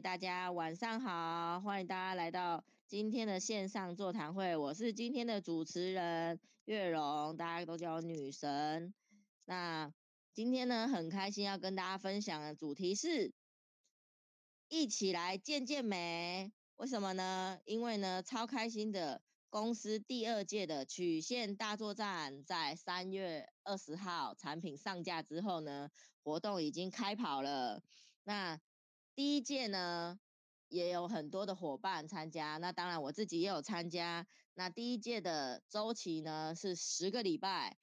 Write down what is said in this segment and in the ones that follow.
大家晚上好，歡迎大家來到今天的線上座談會，我是今天的主持人月容，大家都叫我女神。那今天呢，很開心要跟大家分享的主題是，一起來健健美。為什麼呢？因為呢，超開心的公司第二屆的曲線大作戰，在三月二十號產品上架之後呢，活動已經開跑了。那第一屆呢，也有很多的夥伴參加，那當然我自己也有參加。那第一屆的周期呢，是十個禮拜，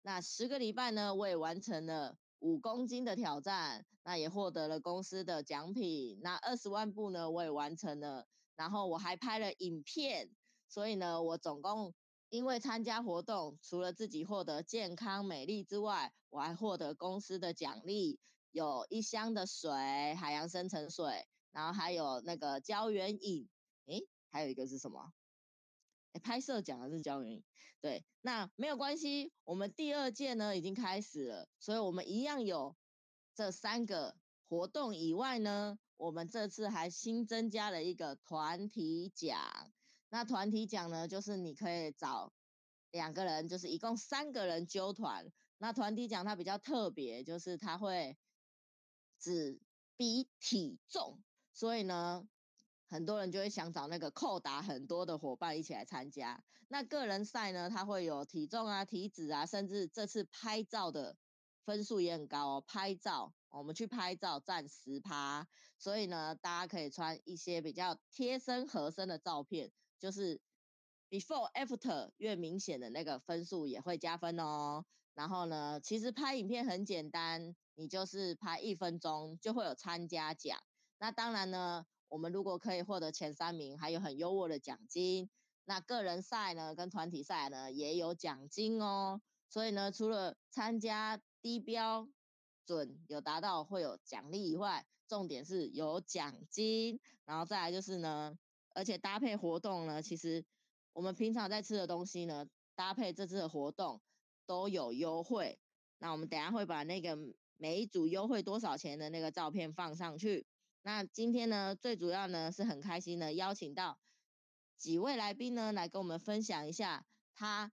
那十個禮拜呢，我也完成了五公斤的挑戰，那也獲得了公司的獎品。那二十萬步呢，我也完成了，然後我還拍了影片，所以呢，我總共因為參加活動，除了自己獲得健康美麗之外，我還獲得公司的獎勵。有一箱的水，海洋深層水，然後還有那個膠原飲，誒，還有一個是什麼？誒，拍攝獎的是膠原飲，對，那沒有關係，我們第二屆呢已經開始了，所以我們一樣有這三個活動以外呢，我們這次還新增加了一個團體獎。那團體獎呢，就是你可以找兩個人，就是一共三個人揪團。那團體獎它比較特別，就是它會。只比體重，所以呢，很多人就會想找那個扣打很多的夥伴一起來參加。那個人賽呢，它會有體重啊、體脂啊，甚至這次拍照的分數也很高哦。拍照，我們去拍照佔十趴，所以呢，大家可以穿一些比較貼身合身的照片，就是。Before after 越明顯的那個分數也會加分哦。然後呢，其實拍影片很簡單，你就是拍一分鐘就會有參加獎。那當然呢，我們如果可以獲得前三名，還有很優渥的獎金。那個人賽呢，跟團體賽呢也有獎金哦。所以呢，除了參加低標準有達到會有獎勵以外，重點是有獎金。然後再來就是呢，而且搭配活動呢，其實。我們平常在吃的東西呢，搭配這次的活動都有優惠。那我們等下會把那個每一組優惠多少錢的那個照片放上去。那今天呢，最主要呢是很開心呢邀請到幾位來賓呢來跟我們分享一下他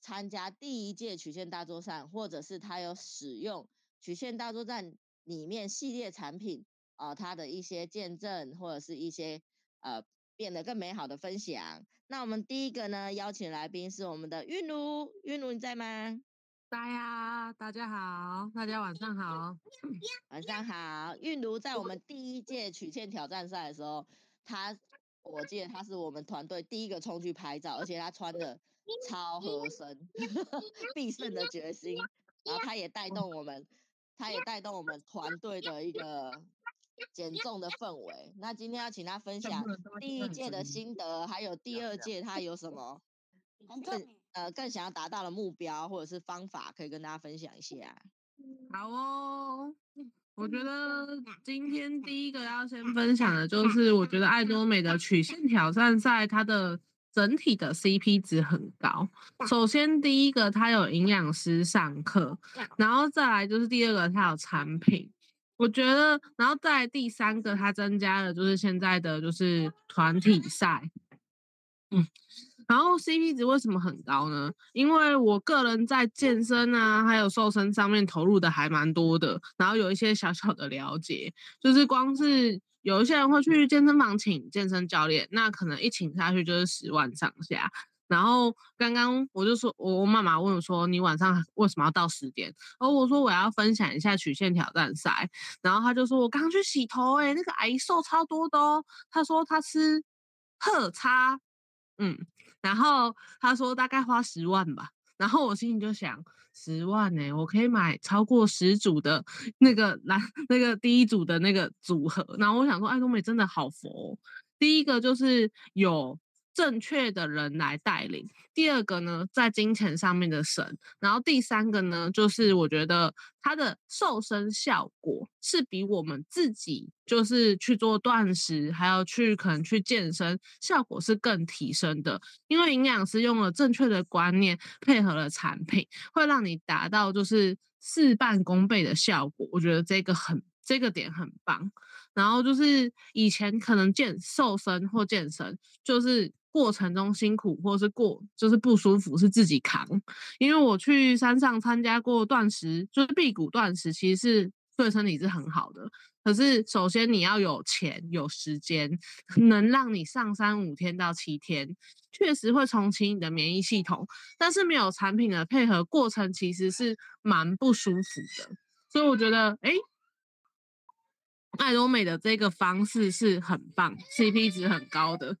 參加第一屆曲線大作戰，或者是他有使用曲線大作戰裡面系列產品啊、呃，他的一些見證或者是一些呃。變得更美好的分享。那我們第一個呢，邀請來賓是我們的韻茹。韻茹你在嗎？在啊，大家好，大家晚上好，晚上好。韻茹在我們第一屆曲線挑戰賽的時候，她我記得她是我們團隊第一個衝去拍照，而且她穿的超合身， 必勝的決心，然後她也帶動我們，她也帶動我們團隊的一個。減重的氛圍，那今天要請他分享第一屆的心得，還有第二屆他有什麼更呃更想要達到的目標，或者是方法，可以跟大家分享一下。好哦，我覺得今天第一個要先分享的就是，我覺得艾多美的曲線挑戰賽，它的整體的 CP 值很高。首先第一個它有營養師上課，然後再來就是第二個它有產品。我覺得，然後在第三個，它增加的就是現在的就是團體賽，嗯，然後 CP 值為什麼很高呢？因為我個人在健身啊，還有瘦身上面投入的還蠻多的，然後有一些小小的了解，就是光是有一些人會去健身房請健身教練，那可能一請下去就是十萬上下。然後剛剛我就說，我我媽媽問我說，你晚上為什麼要到十點？然後我說我要分享一下曲線挑戰賽。然後她就說我剛去洗頭哎、欸，那個阿姨瘦超多的哦。她說她吃喝叉，嗯，然後她說大概花十萬吧。然後我心裡就想，十萬哎、欸，我可以買超過十組的那個藍那個第一組的那個組合。然後我想說，哎、艾多美真的好佛。第一個就是有。正確的人來帶領。第二個呢，在金錢上面的神。然後第三個呢，就是我覺得他的瘦身效果是比我們自己就是去做斷食，還要去可能去健身，效果是更提升的。因為營養師用了正確的觀念，配合了產品，會讓你達到就是事半功倍的效果。我覺得這個很這個點很棒。然後就是以前可能健瘦身或健身，就是。過程中辛苦或是過就是不舒服是自己扛，因為我去山上參加過斷食，就是辟谷斷食，其實是對身體是很好的。可是首先你要有錢有時間，能讓你上山五天到七天，確實會重啟你的免疫系統。但是沒有產品的配合，過程其實是蠻不舒服的。所以我覺得，哎，艾多美的這個方式是很棒，CP 值很高的。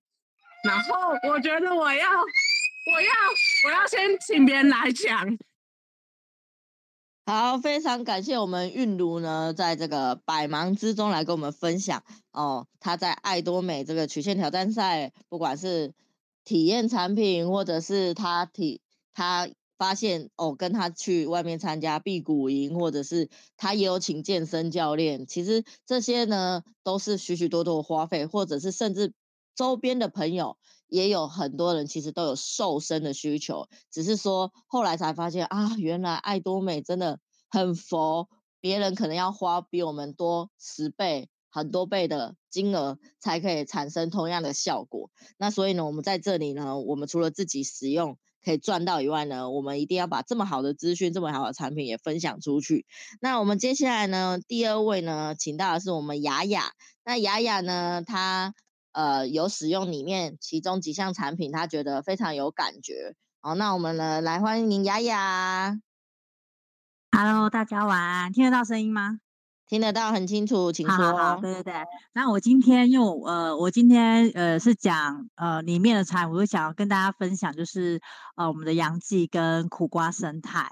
然後我覺得我要，我要，我要先請別人來講。好，非常感謝我們韻如呢，在這個百忙之中來跟我們分享哦。他在愛多美這個曲線挑戰賽，不管是體驗產品，或者是他體他發現哦，跟他去外面參加辟谷營，或者是他也有請健身教練。其實這些呢，都是許許多多的花費，或者是甚至。周邊的朋友也有很多人，其實都有瘦身的需求，只是說後來才發現啊，原來愛多美真的很佛，別人可能要花比我們多十倍、很多倍的金額，才可以產生同樣的效果。那所以呢，我們在這裡呢，我們除了自己使用可以賺到以外呢，我們一定要把這麼好的資訊、這麼好的產品也分享出去。那我們接下來呢，第二位呢，請到的是我們雅雅。那雅雅呢，她。呃，有使用裡面其中幾項產品，他覺得非常有感覺。好，那我們呢，來歡迎雅雅。Hello，大家晚安，聽得到聲音嗎？聽得到，很清楚，請說。好，好，好，對對對。那我今天，用呃，我今天呃是講呃裡面的產，我就想要跟大家分享，就是呃我們的楊記跟苦瓜生態。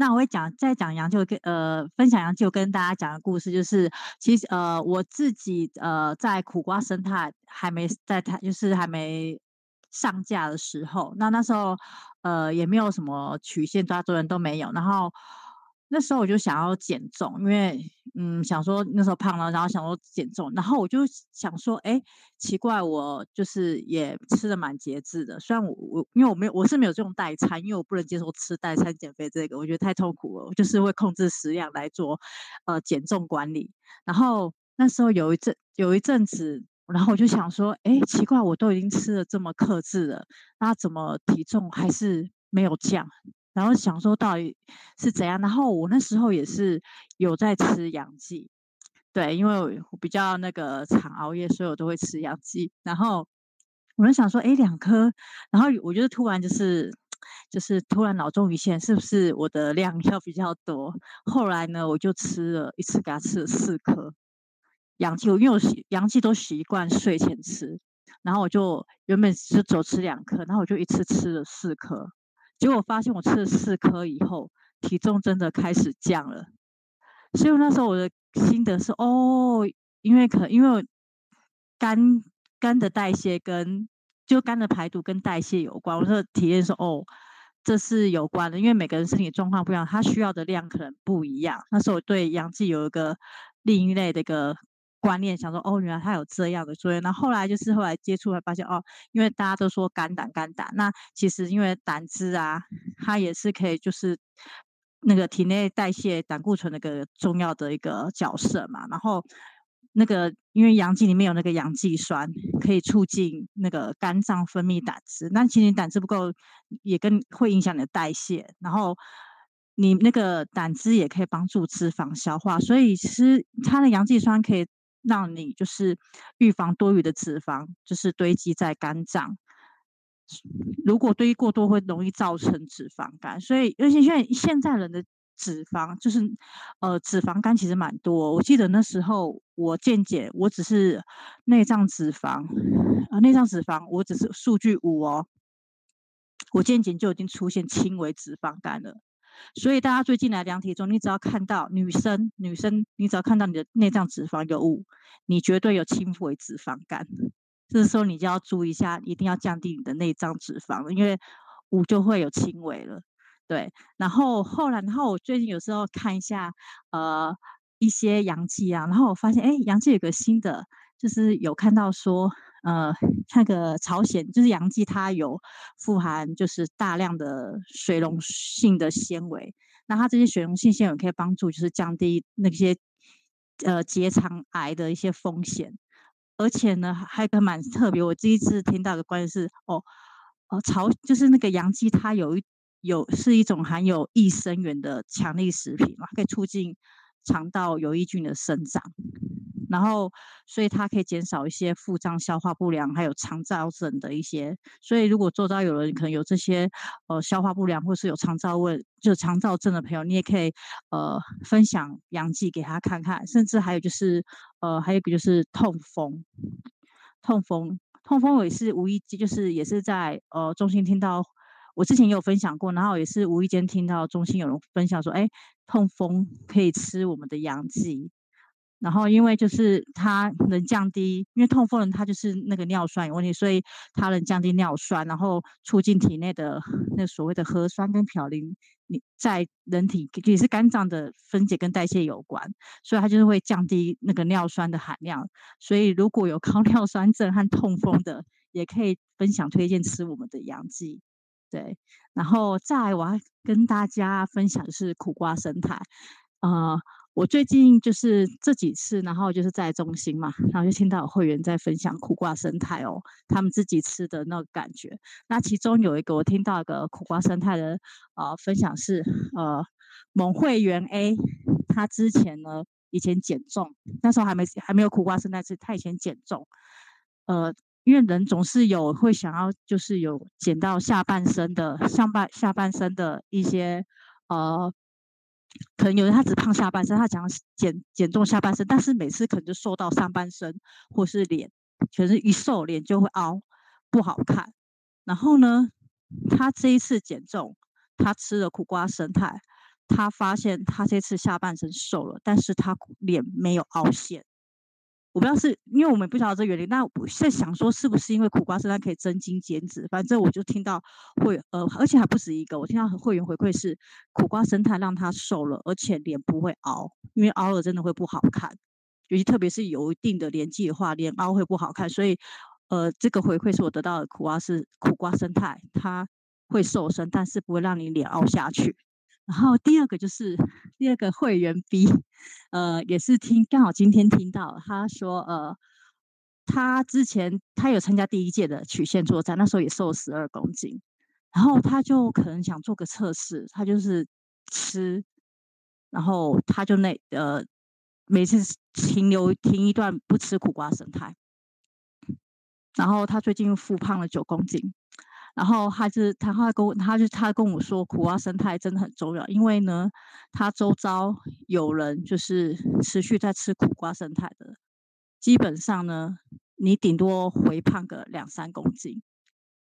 那我會講，再講楊舅跟呃分享楊舅跟大家講的故事，就是其實呃我自己呃在苦瓜生態還沒在他，就是還沒上架的時候，那那時候呃也沒有什麼曲線抓住人都沒有，然後。那時候我就想要減重，因為嗯想說那時候胖了，然後想說減重，然後我就想說，哎、欸，奇怪，我就是也吃得蠻節制的，雖然我我因為我沒有我是沒有這種代餐，因為我不能接受吃代餐減肥這個，我覺得太痛苦了，我就是會控制食量來做呃減重管理。然後那時候有一陣有一陣子，然後我就想說，哎、欸，奇怪，我都已經吃了這麼克制了，那怎麼體重還是沒有降？然後想說到底是怎樣？然後我那時候也是有在吃養劑，對，因為我比較那個常熬夜，所以我都會吃養劑。然後我就想說，哎，兩顆。然後我就突然就是就是突然腦中一現，是不是我的量要比較多？後來呢，我就吃了一次，給他吃了四顆養劑。我因為我養劑都習慣睡前吃，然後我就原本就只吃兩顆，然後我就一次吃了四顆。結果我發現我吃了四顆以後，體重真的開始降了。所以那時候我的心得是，哦，因為可能因為肝肝的代謝跟就肝的排毒跟代謝有關。我就體驗說，哦，這是有關的，因為每個人身體狀況不一樣，他需要的量可能不一樣。那時候我對陽氣有一個另一類的一個。觀念想說哦，原來他有這樣的作用，所以那後來就是後來接觸了，發現哦，因為大家都說肝膽肝膽，那其實因為膽汁啊，它也是可以就是那個體內代謝膽固醇的一個重要的一個角色嘛。然後那個因為洋薊裡面有那個洋薊酸，可以促進那個肝臟分泌膽汁，那其實你膽汁不夠也跟會影響你的代謝。然後你那個膽汁也可以幫助脂肪消化，所以其實它的洋薊酸可以，讓你就是預防多餘的脂肪就是堆積在肝臟，如果堆積過多會容易造成脂肪肝，所以尤其現在現在人的脂肪就是呃脂肪肝其實蠻多、哦，我記得那時候我健檢我只是內臟脂肪啊、呃、內臟脂肪我只是數據五哦，我健檢就已經出現輕微脂肪肝了。所以大家最近來量體重，你只要看到女生，女生你只要看到你的內臟脂肪有五，你絕對有輕微脂肪肝。這時候你就要注意一下，一定要降低你的內臟脂肪，因為五就會有輕微了。對，然後後來，然後我最近有時候看一下呃一些陽氣啊，然後我發現哎陽氣有個新的，就是有看到說。呃，那個朝鮮就是洋薊，它有富含就是大量的水溶性的纖維，那它這些水溶性纖維可以幫助就是降低那些呃結腸癌的一些風險，而且呢還有個蠻特別，我第一次聽到的觀念是，哦，哦朝就是那個洋薊，它有一有是一種含有益生元的強力食品嘛，可以促進腸道有益菌的生長。然後，所以它可以減少一些腹脹、消化不良，還有腸燥症的一些。所以，如果周遭有人可能有這些，呃，消化不良或是有腸燥問，就是腸燥症的朋友，你也可以呃分享陽劑給他看看。甚至還有就是，呃，還有一個就是痛風，痛風，痛風，我也是無意，就是也是在呃中心聽到，我之前也有分享過，然後也是無意間聽到中心有人分享說，哎，痛風可以吃我們的陽劑。然後，因為就是它能降低，因為痛風人它就是那個尿酸有問題，所以它能降低尿酸，然後促進體內的那所謂的核酸跟嘌呤，你在人體也是肝臟的分解跟代謝有關，所以它就是會降低那個尿酸的含量。所以如果有高尿酸症和痛風的，也可以分享推薦吃我們的洋薊，對。然後再來我要跟大家分享的是苦瓜生態，呃我最近就是這幾次，然後就是在中心嘛，然後就聽到會員在分享苦瓜生態哦，他們自己吃的那個感覺。那其中有一個我聽到一個苦瓜生態的呃分享是，呃，某會員 A 他之前呢以前減重，那時候還沒還沒有苦瓜生態吃，他以前減重，呃，因為人總是有會想要就是有減到下半身的上半下半身的一些呃。可能有人他只胖下半身，他想要減減重下半身，但是每次可能就瘦到上半身或是臉，全身一瘦臉就會凹，不好看。然後呢，他這一次減重，他吃了苦瓜勝肽，他發現他這次下半身瘦了，但是他臉沒有凹陷。我不知道是因為我們不曉得這個原理，但我在想說是不是因為苦瓜生態可以增肌減脂？反正我就聽到會呃，而且還不止一個。我聽到會員回饋是苦瓜生態讓他瘦了，而且臉不會凹，因為凹了真的會不好看，尤其特別是有一定的年紀的話，臉凹會不好看。所以呃，這個回饋是我得到的苦，啊。苦瓜是苦瓜生態，它會瘦身，但是不會讓你臉凹下去。然後第二個就是第二個會員 B，呃，也是聽剛好今天聽到他說，呃，他之前他有參加第一屆的曲線作戰，那時候也瘦了十二公斤，然後他就可能想做個測試，他就是吃，然後他就那呃每次停留停一段不吃苦瓜神態，然後他最近又復胖了九公斤。然後他是他，後來跟我就他跟我說苦瓜勝肽真的很重要，因為呢，他周遭有人就是持續在吃苦瓜勝肽的，基本上呢，你頂多回胖個兩三公斤，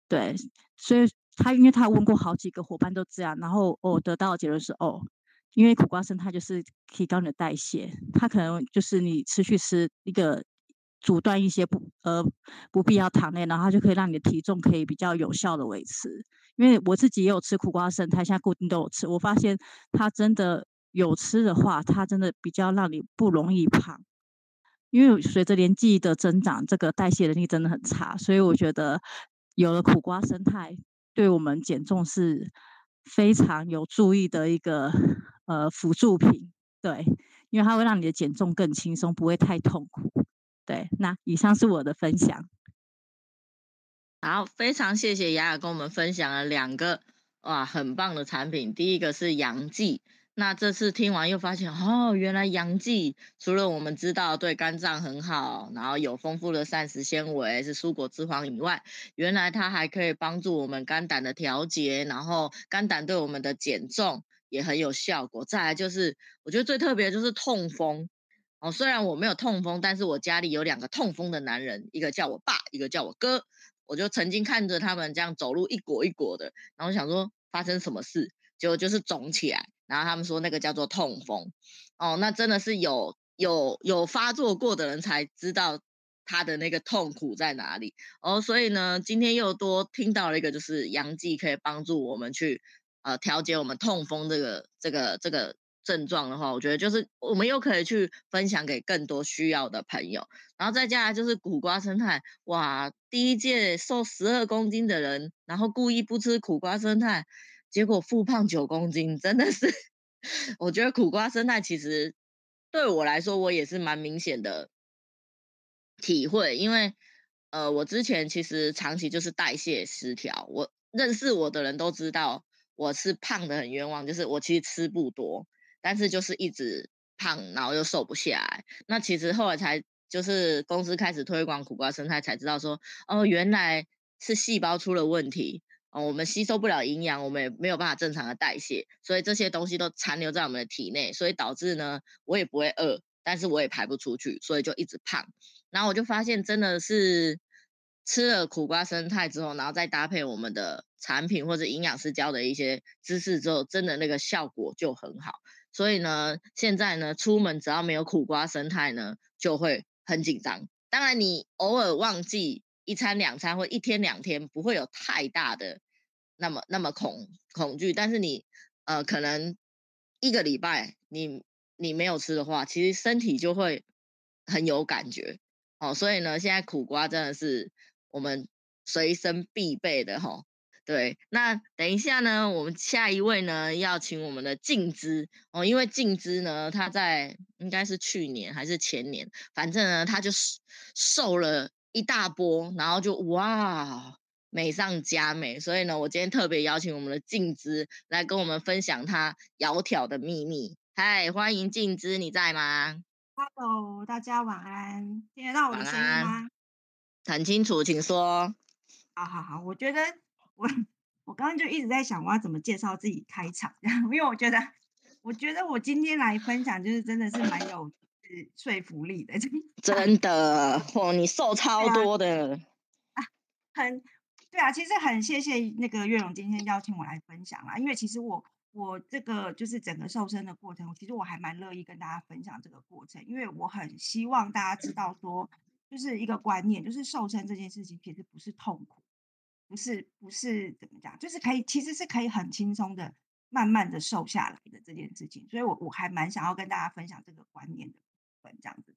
對，所以他因為他問過好幾個夥伴都這樣，然後我得到的結論是哦，因為苦瓜勝肽就是提高你的代謝，它可能就是你持續吃一個。阻斷一些不呃，不必要糖類，然後它就可以讓你的體重可以比較有效的維持。因為我自己也有吃苦瓜生態，現在固定都有吃。我發現它真的有吃的話，它真的比較讓你不容易胖。因為隨着年紀的增長，這個代謝能力真的很差，所以我覺得有了苦瓜生態，對我們減重是非常有助益的一個呃，輔助品。對，因為它會讓你的減重更輕鬆，不會太痛苦。對，那以上是我的分享。好，非常謝謝雅雅跟我們分享了兩個哇，很棒的產品。第一個是洋薊，那這次聽完又發現哦，原來洋薊除了我們知道對肝臟很好，然後有豐富的膳食纖維是蔬果之王以外，原來它還可以幫助我們肝膽的調節，然後肝膽對我們的減重也很有效果。再來就是，我覺得最特別的就是痛風。哦，雖然我沒有痛風，但是我家裡有兩個痛風的男人，一個叫我爸，一個叫我哥。我就曾經看着他們這樣走路一跛一跛的，然後想說發生什麼事，結果就是腫起來。然後他們說那個叫做痛風。哦，那真的是有有有發作過的人才知道他的那個痛苦在哪裡。哦，所以呢，今天又多聽到了一個，就是洋薊可以幫助我們去呃調節我們痛風這個這個這個。這個症狀的話，我覺得就是我們又可以去分享給更多需要的朋友，然後再接下來，就是苦瓜生態，哇，第一屆瘦十二公斤的人，然後故意不吃苦瓜生態，結果復胖九公斤，真的是，我覺得苦瓜生態其實對我來說，我也是蠻明顯的體會，因為呃，我之前其實長期就是代謝失調，我認識我的人都知道我是胖的很冤枉，就是我其實吃不多。但是就是一直胖，然後又瘦不下來。那其實後來才就是公司開始推廣苦瓜生態，才知道說哦，原來是細胞出了問題哦，我們吸收不了營養，我們也沒有辦法正常的代謝，所以這些東西都殘留在我們的體內，所以導致呢，我也不會餓，但是我也排不出去，所以就一直胖。然後我就發現真的是吃了苦瓜生態之後，然後再搭配我們的產品或者營養師教的一些知識之後，真的那個效果就很好。所以呢，現在呢，出門只要沒有苦瓜生態呢，就會很緊張。當然，你偶爾忘記一餐兩餐或一天兩天，不會有太大的那麼那麼恐恐懼。但是你呃，可能一個禮拜你你沒有吃的話，其實身體就會很有感覺哦。所以呢，現在苦瓜真的是我們隨身必備的哈。哦對，那等一下呢，我們下一位呢，要請我們的靜姿。哦，因為靜姿呢，她在應該是去年還是前年，反正呢，她就瘦了一大波，然後就哇，美上加美，所以呢，我今天特別邀請我們的靜姿來跟我們分享她窈窕的秘密。嗨，歡迎靜姿，你在嗎？Hello，大家晚安，聽得到我的聲音嗎？很清楚，請說。好好好，我覺得。我我剛剛就一直在想我要怎麼介紹自己開場，因為我覺得我覺得我今天來分享就是真的是蠻有是說服力的。真的哦，你瘦超多的啊。很對啊，其實很謝謝那個月榮今天邀請我來分享啦，因為其實我我這個就是整個瘦身的過程，其實我還蠻樂意跟大家分享這個過程，因為我很希望大家知道說就是一個觀念，就是瘦身這件事情其實不是痛苦。不是不是怎麼講，就是可以，其實是可以很輕鬆的、慢慢的瘦下來的這件事情，所以我我還蠻想要跟大家分享這個觀念的部分，這樣子，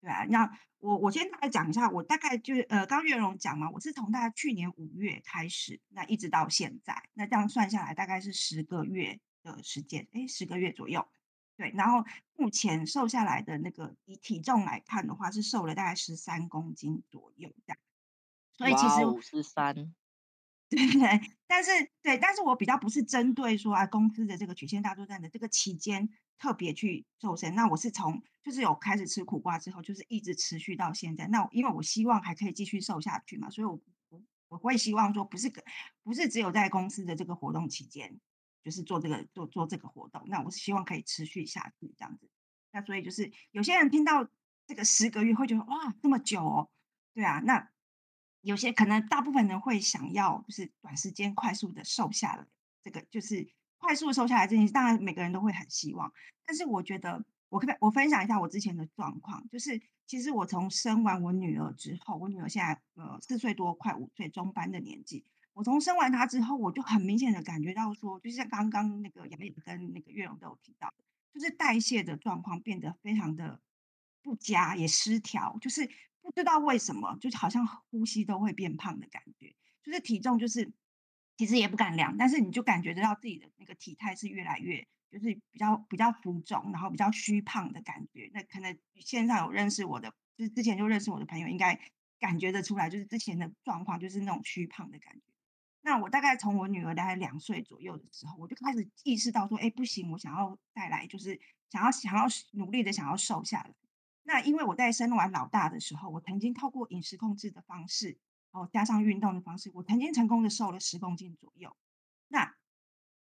對啊，那我我先大概講一下，我大概就是呃，剛，剛月榮講嘛，我是從大概去年五月開始，那一直到現在，那這樣算下來大概是十個月的時間，哎，十個月左右，對，然後目前瘦下來的那個，以體重來看的話，是瘦了大概十三公斤左右，這樣，所以其實十三。Wow, 對對，但是對，但是我比較不是針對說啊，公司的這個曲線大作戰的這個期間特別去瘦身，那我是從就是有開始吃苦瓜之後，就是一直持續到現在。那我因為我希望還可以繼續瘦下去嘛，所以我我，我會希望說不是不是只有在公司的這個活動期間就是做這個做做這個活動，那我希望可以持續下去這樣子。那所以就是有些人聽到這個十個月會覺得哇這麼久哦，對啊，那。有些可能，大部分人會想要，就是短時間快速的瘦下來，這個就是快速瘦下來這件事，當然每個人都會很希望。但是我覺得，我可我分享一下我之前的狀況，就是其實我從生完我女兒之後，我女兒現在呃四歲多，快五歲中班的年紀，我從生完她之後，我就很明顯的感覺到說，就是像剛剛那個楊姐跟那個月容都有提到，就是代謝的狀況變得非常的不佳，也失調，就是。不知道為什麼，就好像呼吸都會變胖的感覺，就是體重就是其實也不敢量，但是你就感覺得到自己的那個體態是越來越，就是比較比較浮腫，然後比較虛胖的感覺。那可能線上有認識我的，就是之前就認識我的朋友，應該感覺得出來，就是之前的狀況就是那種虛胖的感覺。那我大概從我女兒大概兩歲左右的時候，我就開始意識到說，哎、欸，不行，我想要帶來，就是想要想要努力的想要瘦下來。那因為我在生完老大的時候，我曾經透過飲食控制的方式，加上運動的方式，我曾經成功的瘦了十公斤左右。那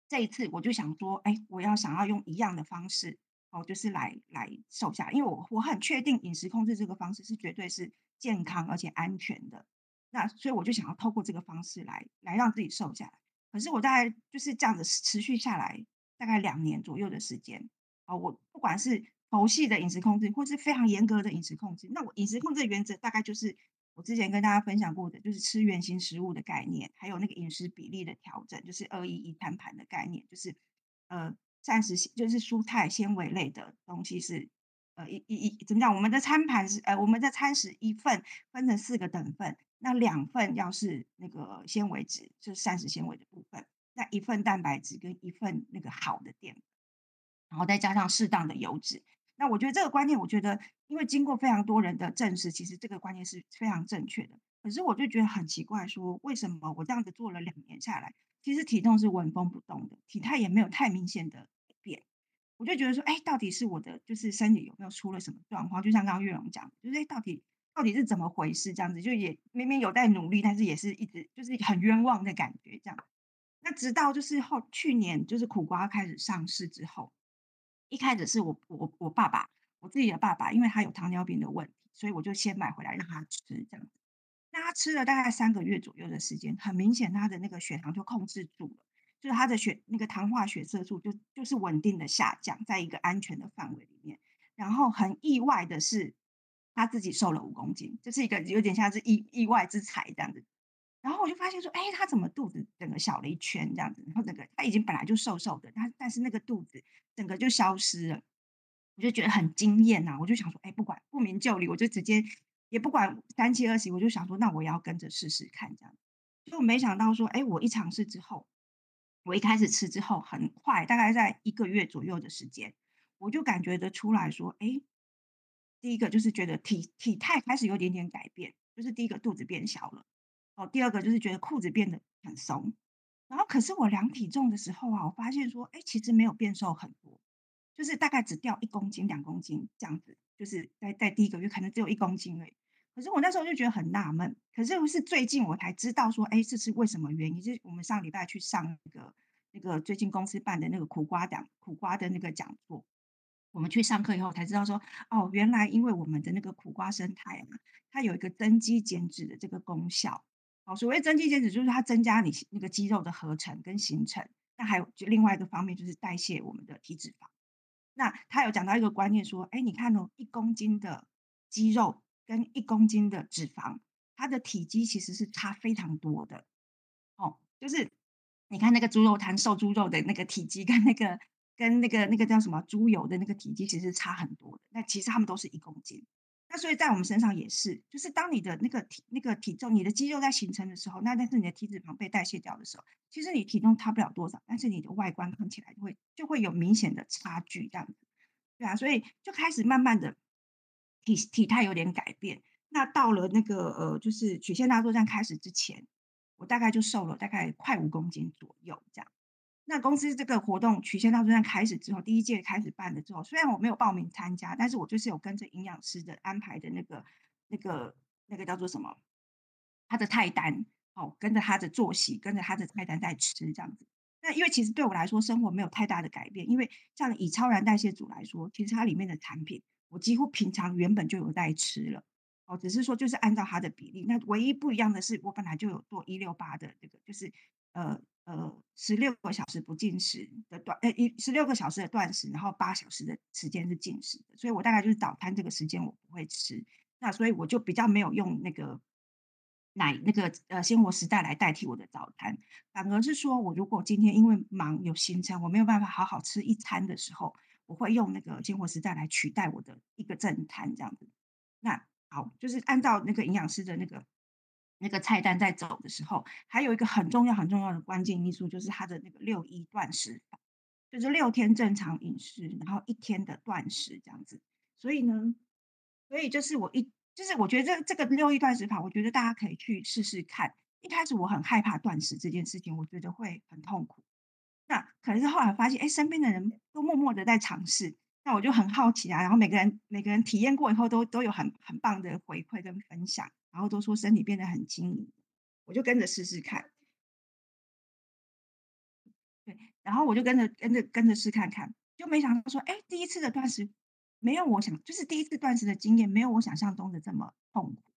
這一次我就想說，哎、欸，我要想要用一樣的方式，哦，就是來來瘦下來，因為我我很確定飲食控制這個方式是絕對是健康而且安全的。那所以我就想要透過這個方式來來讓自己瘦下來。可是我大概就是這樣子持續下來大概兩年左右的時間，我不管是。頭系的飲食控制，或是非常嚴格的飲食控制。那我飲食控制原則大概就是我之前跟大家分享過的，就是吃原型食物的概念，還有那個飲食比例的調整，就是二一一餐盤的概念，就是呃膳食就是蔬菜纖維類的東西是呃一一一怎麼講？我們的餐盤是呃我們的餐食一份分成四個等份，那兩份要是那個纖維質，就是膳食纖維的部分，那一份蛋白質跟一份那個好的澱粉，然後再加上適當的油脂。那我覺得這個觀念，我覺得因為經過非常多人的證實，其實這個觀念是非常正確的。可是我就覺得很奇怪，說為什麼我這樣子做了兩年下來，其實體重是紋風不動的，體態也沒有太明顯的變。我就覺得說，哎，到底是我的就是身體有沒有出了什麼狀況？就像剛剛月榮講的，就是哎，到底到底是怎麼回事？這樣子就也明明有在努力，但是也是一直就是很冤枉的感覺這樣。那直到就是後去年就是苦瓜開始上市之後，一開始是我我我爸爸，我自己的爸爸，因為他有糖尿病的問題，所以我就先買回來讓他吃這樣子。那他吃了大概三個月左右的時間，很明顯他的那個血糖就控制住了，就是他的血那個糖化血色素就就是穩定的下降，在一個安全的範圍裡面。然後很意外的是，他自己瘦了五公斤，這，就是一個有點像是意意外之財這樣的。然後我就發現說，哎，他怎麼肚子整個小了一圈這樣子？然後那個他已經本來就瘦瘦的，他但是那個肚子整個就消失了，我就覺得很驚豔吶、啊！我就想說，哎，不管不明就裡，我就直接也不管三七二十一，我就想說，那我也要跟着試試看這樣子。就沒想到說，哎，我一嘗試之後，我一開始吃之後，很快，大概在一個月左右的時間，我就感覺得出來說，哎，第一個就是覺得體體態開始有點點改變，就是第一個肚子變小了。哦，第二個就是覺得褲子變得很鬆，然後可是我量體重的時候啊，我發現說，哎，其實沒有變瘦很多，就是大概只掉一公斤、兩公斤這樣子，就是在在第一個月可能只有一公斤誒。可是我那時候就覺得很納悶，可是不是最近我才知道說，哎，這是為什麼原因？就是我們上禮拜去上那個那個最近公司辦的那個苦瓜講苦瓜的那個講座，我們去上課以後才知道說，哦，原來因為我們的那個苦瓜生態嘛、啊，它有一個增肌減脂的這個功效。所謂增肌減脂，就是它增加你那個肌肉的合成跟形成。那還有就另外一個方面，就是代謝我們的體脂肪。那他有講到一個觀念說，哎，你看哦，一公斤的肌肉跟一公斤的脂肪，它的體積其實是差非常多的。哦，就是你看那個豬肉攤瘦豬肉的那個體積跟，那個，跟那個跟那個那個叫什麼豬油的那個體積，其實差很多的。那其實它們都是一公斤。那所以在我們身上也是，就是當你的那個體那個體重，你的肌肉在形成的時候，那但是你的體脂肪被代謝掉的時候，其實你體重差不了多少，但是你的外觀看起來就會就會有明顯的差距這樣子。對啊，所以就開始慢慢的體體態有點改變。那到了那個呃，就是曲線大作戰開始之前，我大概就瘦了大概快五公斤左右這樣。那公司這個活動曲線大作戰開始之後，第一屆開始辦了之後，雖然我沒有報名參加，但是我就是有跟着營養師的安排的那個、那個、那個叫做什麼，他的菜單哦，跟着他的作息，跟着他的菜單在吃這樣子。那因為其實對我來說，生活沒有太大的改變，因為像以超燃代謝組來說，其實它裡面的產品，我幾乎平常原本就有在吃了哦，只是說就是按照它的比例。那唯一不一樣的是，我本來就有做一六八的那、這個，就是呃。呃，十六個小時不進食的斷，呃，一十六個小時的斷食，然後八小時的時間是進食的。所以我大概就是早餐這個時間我不會吃，那所以我就比較沒有用那個奶那個呃鮮活時代來代替我的早餐，反而是說我如果今天因為忙有行程，我沒有辦法好好吃一餐的時候，我會用那個鮮活時代來取代我的一個正餐這樣子。那好，就是按照那個營養師的那個。那個菜單在走的時候，還有一個很重要、很重要的關鍵因素，就是他的那個六一斷食法，就是六天正常飲食，然後一天的斷食這樣子。所以呢，所以就是我一，就是我覺得這這個六一斷食法，我覺得大家可以去試試看。一開始我很害怕斷食這件事情，我覺得會很痛苦。那可是後來發現，哎、欸，身邊的人都默默的在嘗試。那我就很好奇啊，然後每個人每個人體驗過以後都都有很很棒的回饋跟分享，然後都說身體變得很輕盈，我就跟着試試看，對，然後我就跟着跟着跟着試看看，就沒想到說，哎，第一次的斷食沒有我想，就是第一次斷食的經驗沒有我想象中的這麼痛苦。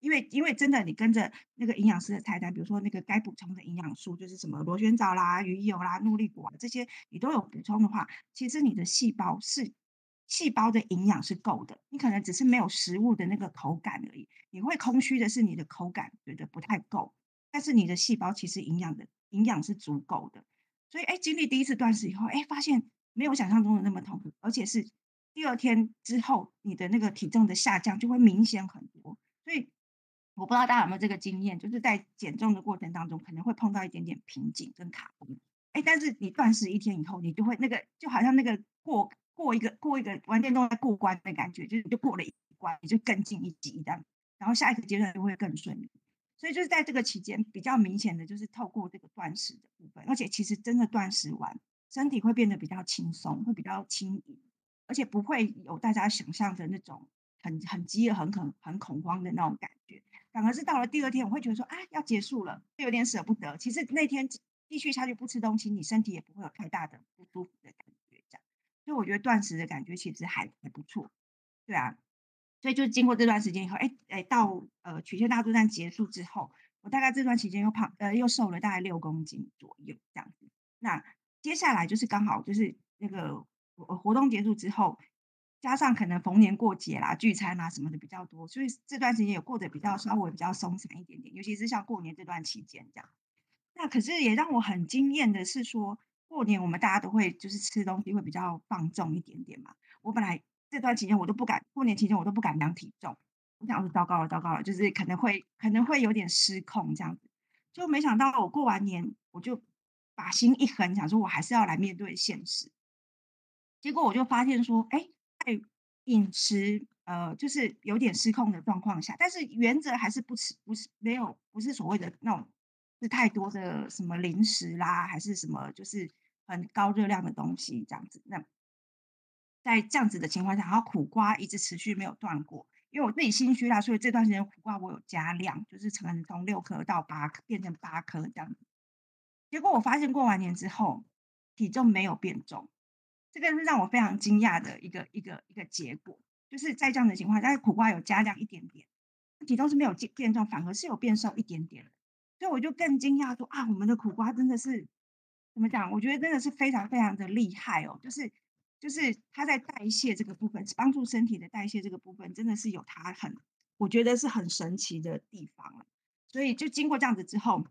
因為因為真的，你跟着那個營養師的菜單，比如說那個該補充的營養素，就是什麼螺旋藻啦、魚油啦、諾麗果、啊、這些，你都有補充的話，其實你的細胞是細胞的營養是夠的，你可能只是沒有食物的那個口感而已。你會空虛的是你的口感覺得不太夠，但是你的細胞其實營養的營養是足夠的。所以，哎，經歷第一次斷食以後，哎，發現沒有想象中的那麼痛苦，而且是第二天之後，你的那個體重的下降就會明顯很多。所以。我不知道大家有沒有這個經驗，就是在減重的過程當中，可能會碰到一點點瓶頸跟卡頓。哎、欸，但是你斷食一天以後，你就會那個，就好像那個過過一個過一個完全都在過關的感覺，就是你就過了一關，你就更進一級這樣。然後下一個階段就會更順利。所以就是在這個期間，比較明顯的就是透過這個斷食的部分，而且其實真的斷食完，身體會變得比較輕鬆，會比較輕盈，而且不會有大家想象的那種很很飢餓很很很恐慌的那種感覺。反而是到了第二天，我會覺得說啊，要結束了，就有點捨不得。其實那天繼續下去不吃東西，你身體也不會有太大的不舒服的感覺。這樣，所以我覺得斷食的感覺其實還還不錯。對啊，所以就是經過這段時間以後，哎哎，到呃曲線大作戰結束之後，我大概這段期間又胖呃又瘦了大概六公斤左右這樣子。那接下來就是剛好就是那個活動結束之後。加上可能逢年過節啦、聚餐啦什麼的比較多，所以這段時間也過得比較稍微比較鬆散一點點。尤其是像過年這段期間這樣，那可是也讓我很驚艷的是說，說過年我們大家都會就是吃東西會比較放縱一點點嘛。我本來這段期間我都不敢過年期間我都不敢量體重，我想說糟糕了，糟糕了，就是可能會可能會有點失控這樣子。就沒想到我過完年我就把心一橫，想說我還是要來面對現實。結果我就發現說，哎。在飲食，呃，就是有點失控的狀況下，但是原則還是不吃，不是，不是沒有，不是所謂的那種是太多的什麼零食啦，還是什麼就是很高熱量的東西這樣子。那在這樣子的情況下，然後苦瓜一直持續沒有斷過，因為我自己心虛啦，所以這段時間苦瓜我有加量，就是從六顆到八顆，變成八顆這樣子。結果我發現過完年之後，體重沒有變重。這個是讓我非常驚訝的一個一個一個結果，就是在這樣的情況下，但是苦瓜有加量一點點，體重是沒有變變重，反而是有變瘦一點點，所以我就更驚訝說啊，我們的苦瓜真的是怎麼講？我覺得真的是非常非常的厲害哦，就是就是它在代謝這個部分，幫助身體的代謝這個部分，真的是有它很，我覺得是很神奇的地方。所以就經過這樣子之後，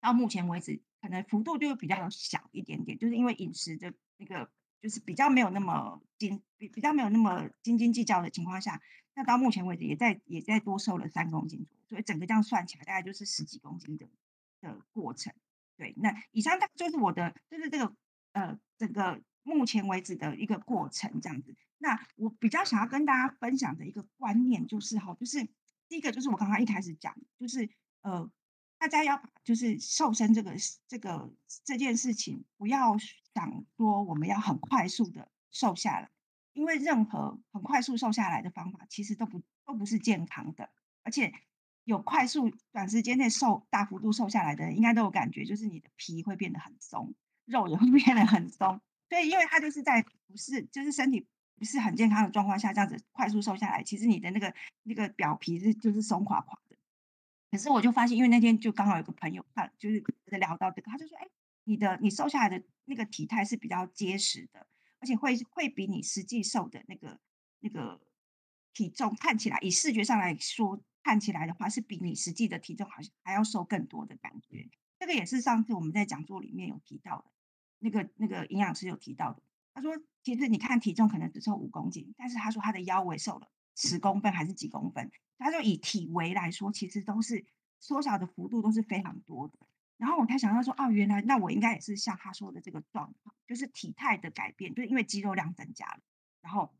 到目前為止，可能幅度就比較小一點點，就是因為飲食的那個。就是比較沒有那麼斤比比較沒有那麼斤斤計較的情況下，那到目前為止也在也在多瘦了三公斤左右，所以整個這樣算起來大概就是十幾公斤的的過程。對，那以上就是我的就是這個呃整個目前為止的一個過程這樣子。那我比較想要跟大家分享的一個觀念就是哈，就是第一個就是我剛剛一開始講的就是呃。大家要就是瘦身，這個這個這件事情，不要想說我們要很快速的瘦下來，因為任何很快速瘦下來的方法，其實都不都不是健康的。而且有快速短時間內瘦大幅度瘦下來的，應該都有感覺，就是你的皮會變得很鬆，肉也會變得很鬆。所以因為它就是在不是就是身體不是很健康的狀況下，這樣子快速瘦下來，其實你的那個那個表皮是就是鬆垮垮。可是我就發現，因為那天就剛好有個朋友看，就是聊到這個，他就說：“哎，你的你瘦下來的那個體態是比較結實的，而且會會比你實際瘦的那個那個體重看起來，以視覺上來說，看起來的話是比你實際的體重好像還要瘦更多的感覺。”那這個也是上次我們在講座裡面有提到的，那個那個營養師有提到的。他說：“其實你看體重可能只瘦五公斤，但是他說他的腰圍瘦了。”十公分還是幾公分？他就以體圍來說，其實都是縮小的幅度都是非常多的。然後我才想到說，哦、啊，原來那我應該也是像他說的這個狀況，就是體態的改變，就是因為肌肉量增加了，然後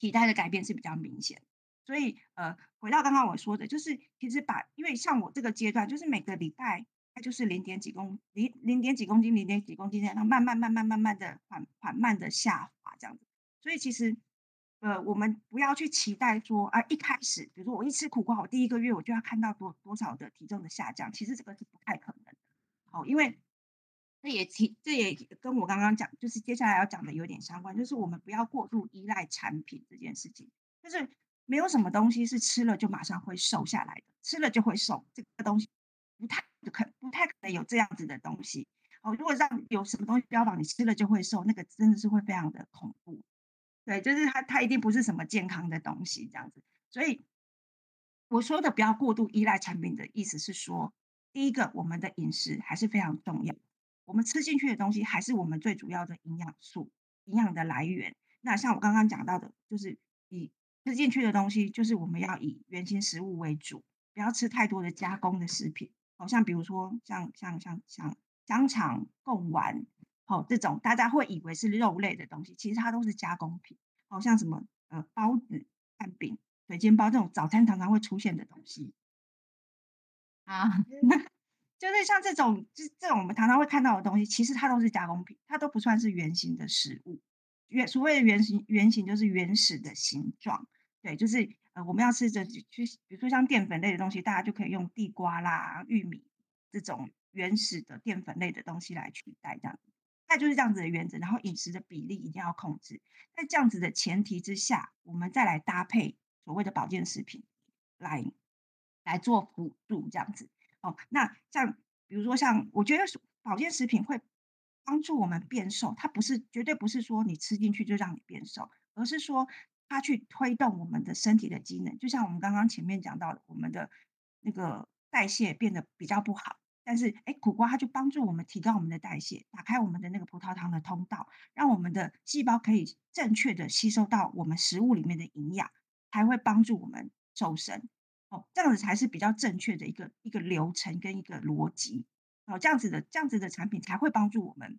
體態的改變是比較明顯。所以呃，回到剛剛我說的，就是其實把，因為像我這個階段，就是每個禮拜，它就是零點幾公零零點幾公斤零點幾公斤這樣，然後慢慢慢慢慢慢的緩緩慢的下滑這樣子。所以其實。呃，我們不要去期待說，啊，一開始，比如說我一吃苦瓜，我第一個月我就要看到多多少的體重的下降，其實這個是不太可能的，哦，因為這也提，這也跟我剛剛講，就是接下來要講的有點相關，就是我們不要過度依賴產品這件事情，就是沒有什麼東西是吃了就馬上會瘦下來的，吃了就會瘦，這個東西不太可，不太可能有這樣子的東西，哦，如果讓有什麼東西標榜你吃了就會瘦，那個真的是會非常的恐怖。對，就是它它一定不是什麼健康的東西這樣子。所以我說的不要過度依賴產品的意思是說，第一個，我們的飲食還是非常重要，我們吃進去的東西還是我們最主要的營養素、營養的來源。那像我剛剛講到的，就是以吃進去的東西，就是我們要以原型食物為主，不要吃太多的加工的食品。好、哦、像比如說像像像像，像香腸、貢丸。好、哦，這種大家會以為是肉類的東西，其實它都是加工品。好、哦、像什麼呃包子、蛋餅、水煎包這種早餐常，常常會出現的東西，啊， 就是像這種，這這種我們常常會看到的東西，其實它都是加工品，它都不算是原型的食物。原所謂的原型，原型就是原始的形狀，對，就是呃我們要吃着去，比如說像澱粉類的東西，大家就可以用地瓜啦、玉米這種原始的澱粉類的東西來取代這樣。那就是這樣子的原則，然後飲食的比例一定要控制。在這樣子的前提之下，我們再來搭配所謂的保健食品來，來來做輔助這樣子。哦，那像比如說像，我覺得保健食品會幫助我們變瘦，它不是絕對不是說你吃進去就讓你變瘦，而是說它去推動我們的身體的機能。就像我們剛剛前面講到的，我們的那個代謝變得比較不好。但是，哎，苦瓜它就幫助我們提高我們的代謝，打開我們的那個葡萄糖的通道，讓我們的細胞可以正確的吸收到我們食物裡面的營養，才會幫助我們瘦身。哦，這樣子才是比較正確的一個一個流程跟一個邏輯。哦，這樣子的這樣子的產品才會幫助我們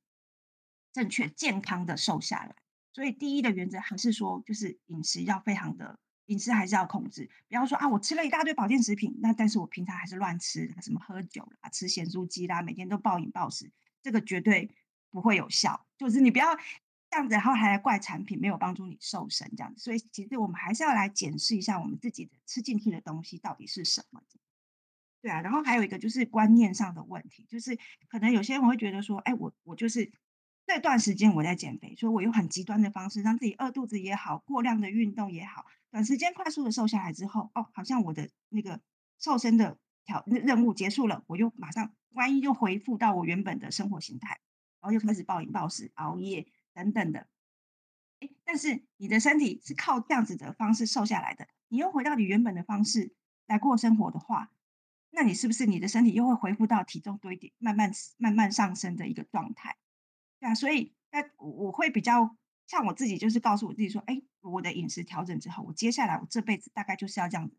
正確健康的瘦下來。所以，第一的原則還是說，就是飲食要非常的。飲食還是要控制，不要說啊，我吃了一大堆保健食品，那但是我平常還是亂吃，什麼喝酒啦，吃鹹酥雞啦，每天都暴飲暴食，這個絕對不會有效。就是你不要這樣子，然後還來怪產品沒有幫助你瘦身這樣子。所以其實我們還是要來檢視一下我們自己的吃進去的東西到底是什麼。對啊，然後還有一個就是觀念上的問題，就是可能有些人會覺得說，哎，我我就是。這段時間我在減肥，所以我用很極端的方式讓自己餓肚子也好，過量的運動也好，短時間快速的瘦下來之後，哦，好像我的那個瘦身的挑任務結束了，我又馬上萬一又恢復到我原本的生活形態，然後又開始暴飲暴食、熬夜等等的。哎，但是你的身體是靠這樣子的方式瘦下來的，你又回到你原本的方式來過生活的話，那你是不是你的身體又會恢復到體重堆疊，慢慢慢慢上升的一個狀態？對啊，所以那我我會比較像我自己，就是告訴我自己說，哎，我的飲食調整之後，我接下來我這輩子大概就是要這樣子，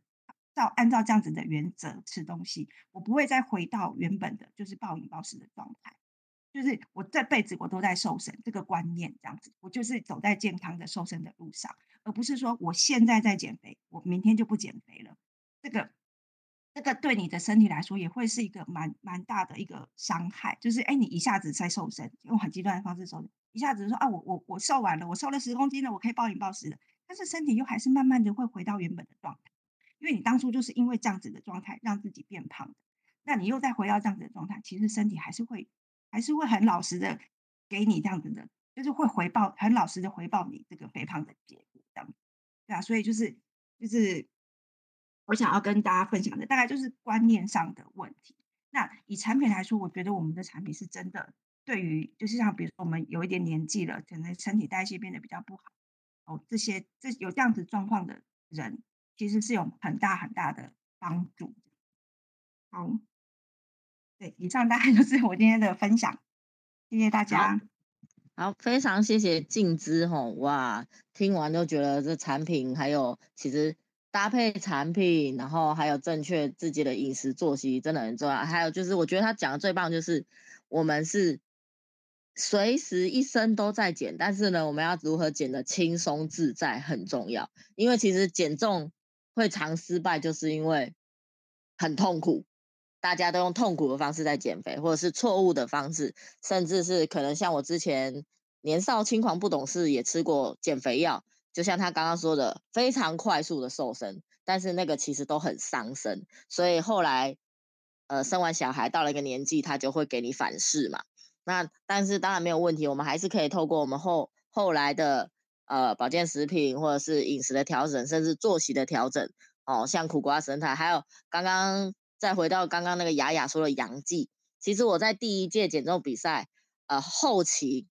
照按照這樣子的原則吃東西，我不會再回到原本的就是暴飲暴食的狀態，就是我這輩子我都在瘦身這個觀念這樣子，我就是走在健康的瘦身的路上，而不是說我現在在減肥，我明天就不減肥了，這個。這個對你的身體來說也會是一個蠻蠻大的一個傷害，就是哎，你一下子在瘦身，用很極端的方式瘦身，一下子說啊，我我我瘦完了，我瘦了十公斤了，我可以暴飲暴食了，但是身體又還是慢慢的會回到原本的狀態，因為你當初就是因為這樣子的狀態讓自己變胖的，那你又再回到這樣子的狀態，其實身體還是會還是會很老實的給你這樣子的，就是會回報，很老實的回報你這個肥胖的結果，對啊，所以就是就是。我想要跟大家分享的，大概就是觀念上的問題。那以產品來說，我覺得我們的產品是真的，對於就是像，比如說我們有一點年紀了，可能身體代謝變得比較不好哦，這些這有這樣子狀況的人，其實是有很大很大的幫助。好，對，以上大概就是我今天的分享，謝謝大家。好，好非常謝謝靜姿。吼哇，聽完都覺得這產品還有其實。搭配產品，然後還有正確自己的飲食作息，真的很重要。還有就是，我覺得他講的最棒就是，我們是隨時一生都在減，但是呢，我們要如何減得輕鬆自在很重要。因為其實減重會常失敗，就是因為很痛苦，大家都用痛苦的方式在減肥，或者是錯誤的方式，甚至是可能像我之前年少輕狂不懂事，也吃過減肥藥。就像他剛剛說的，非常快速的瘦身，但是那個其實都很傷身，所以後來，呃，生完小孩到了一個年紀，他就會給你反噬嘛。那但是當然沒有問題，我們還是可以透過我們後後來的呃保健食品或者是飲食的調整，甚至作息的調整哦，像苦瓜、生菜，還有剛剛再回到剛剛那個雅雅說的陽氣，其實我在第一屆減重比賽呃後期。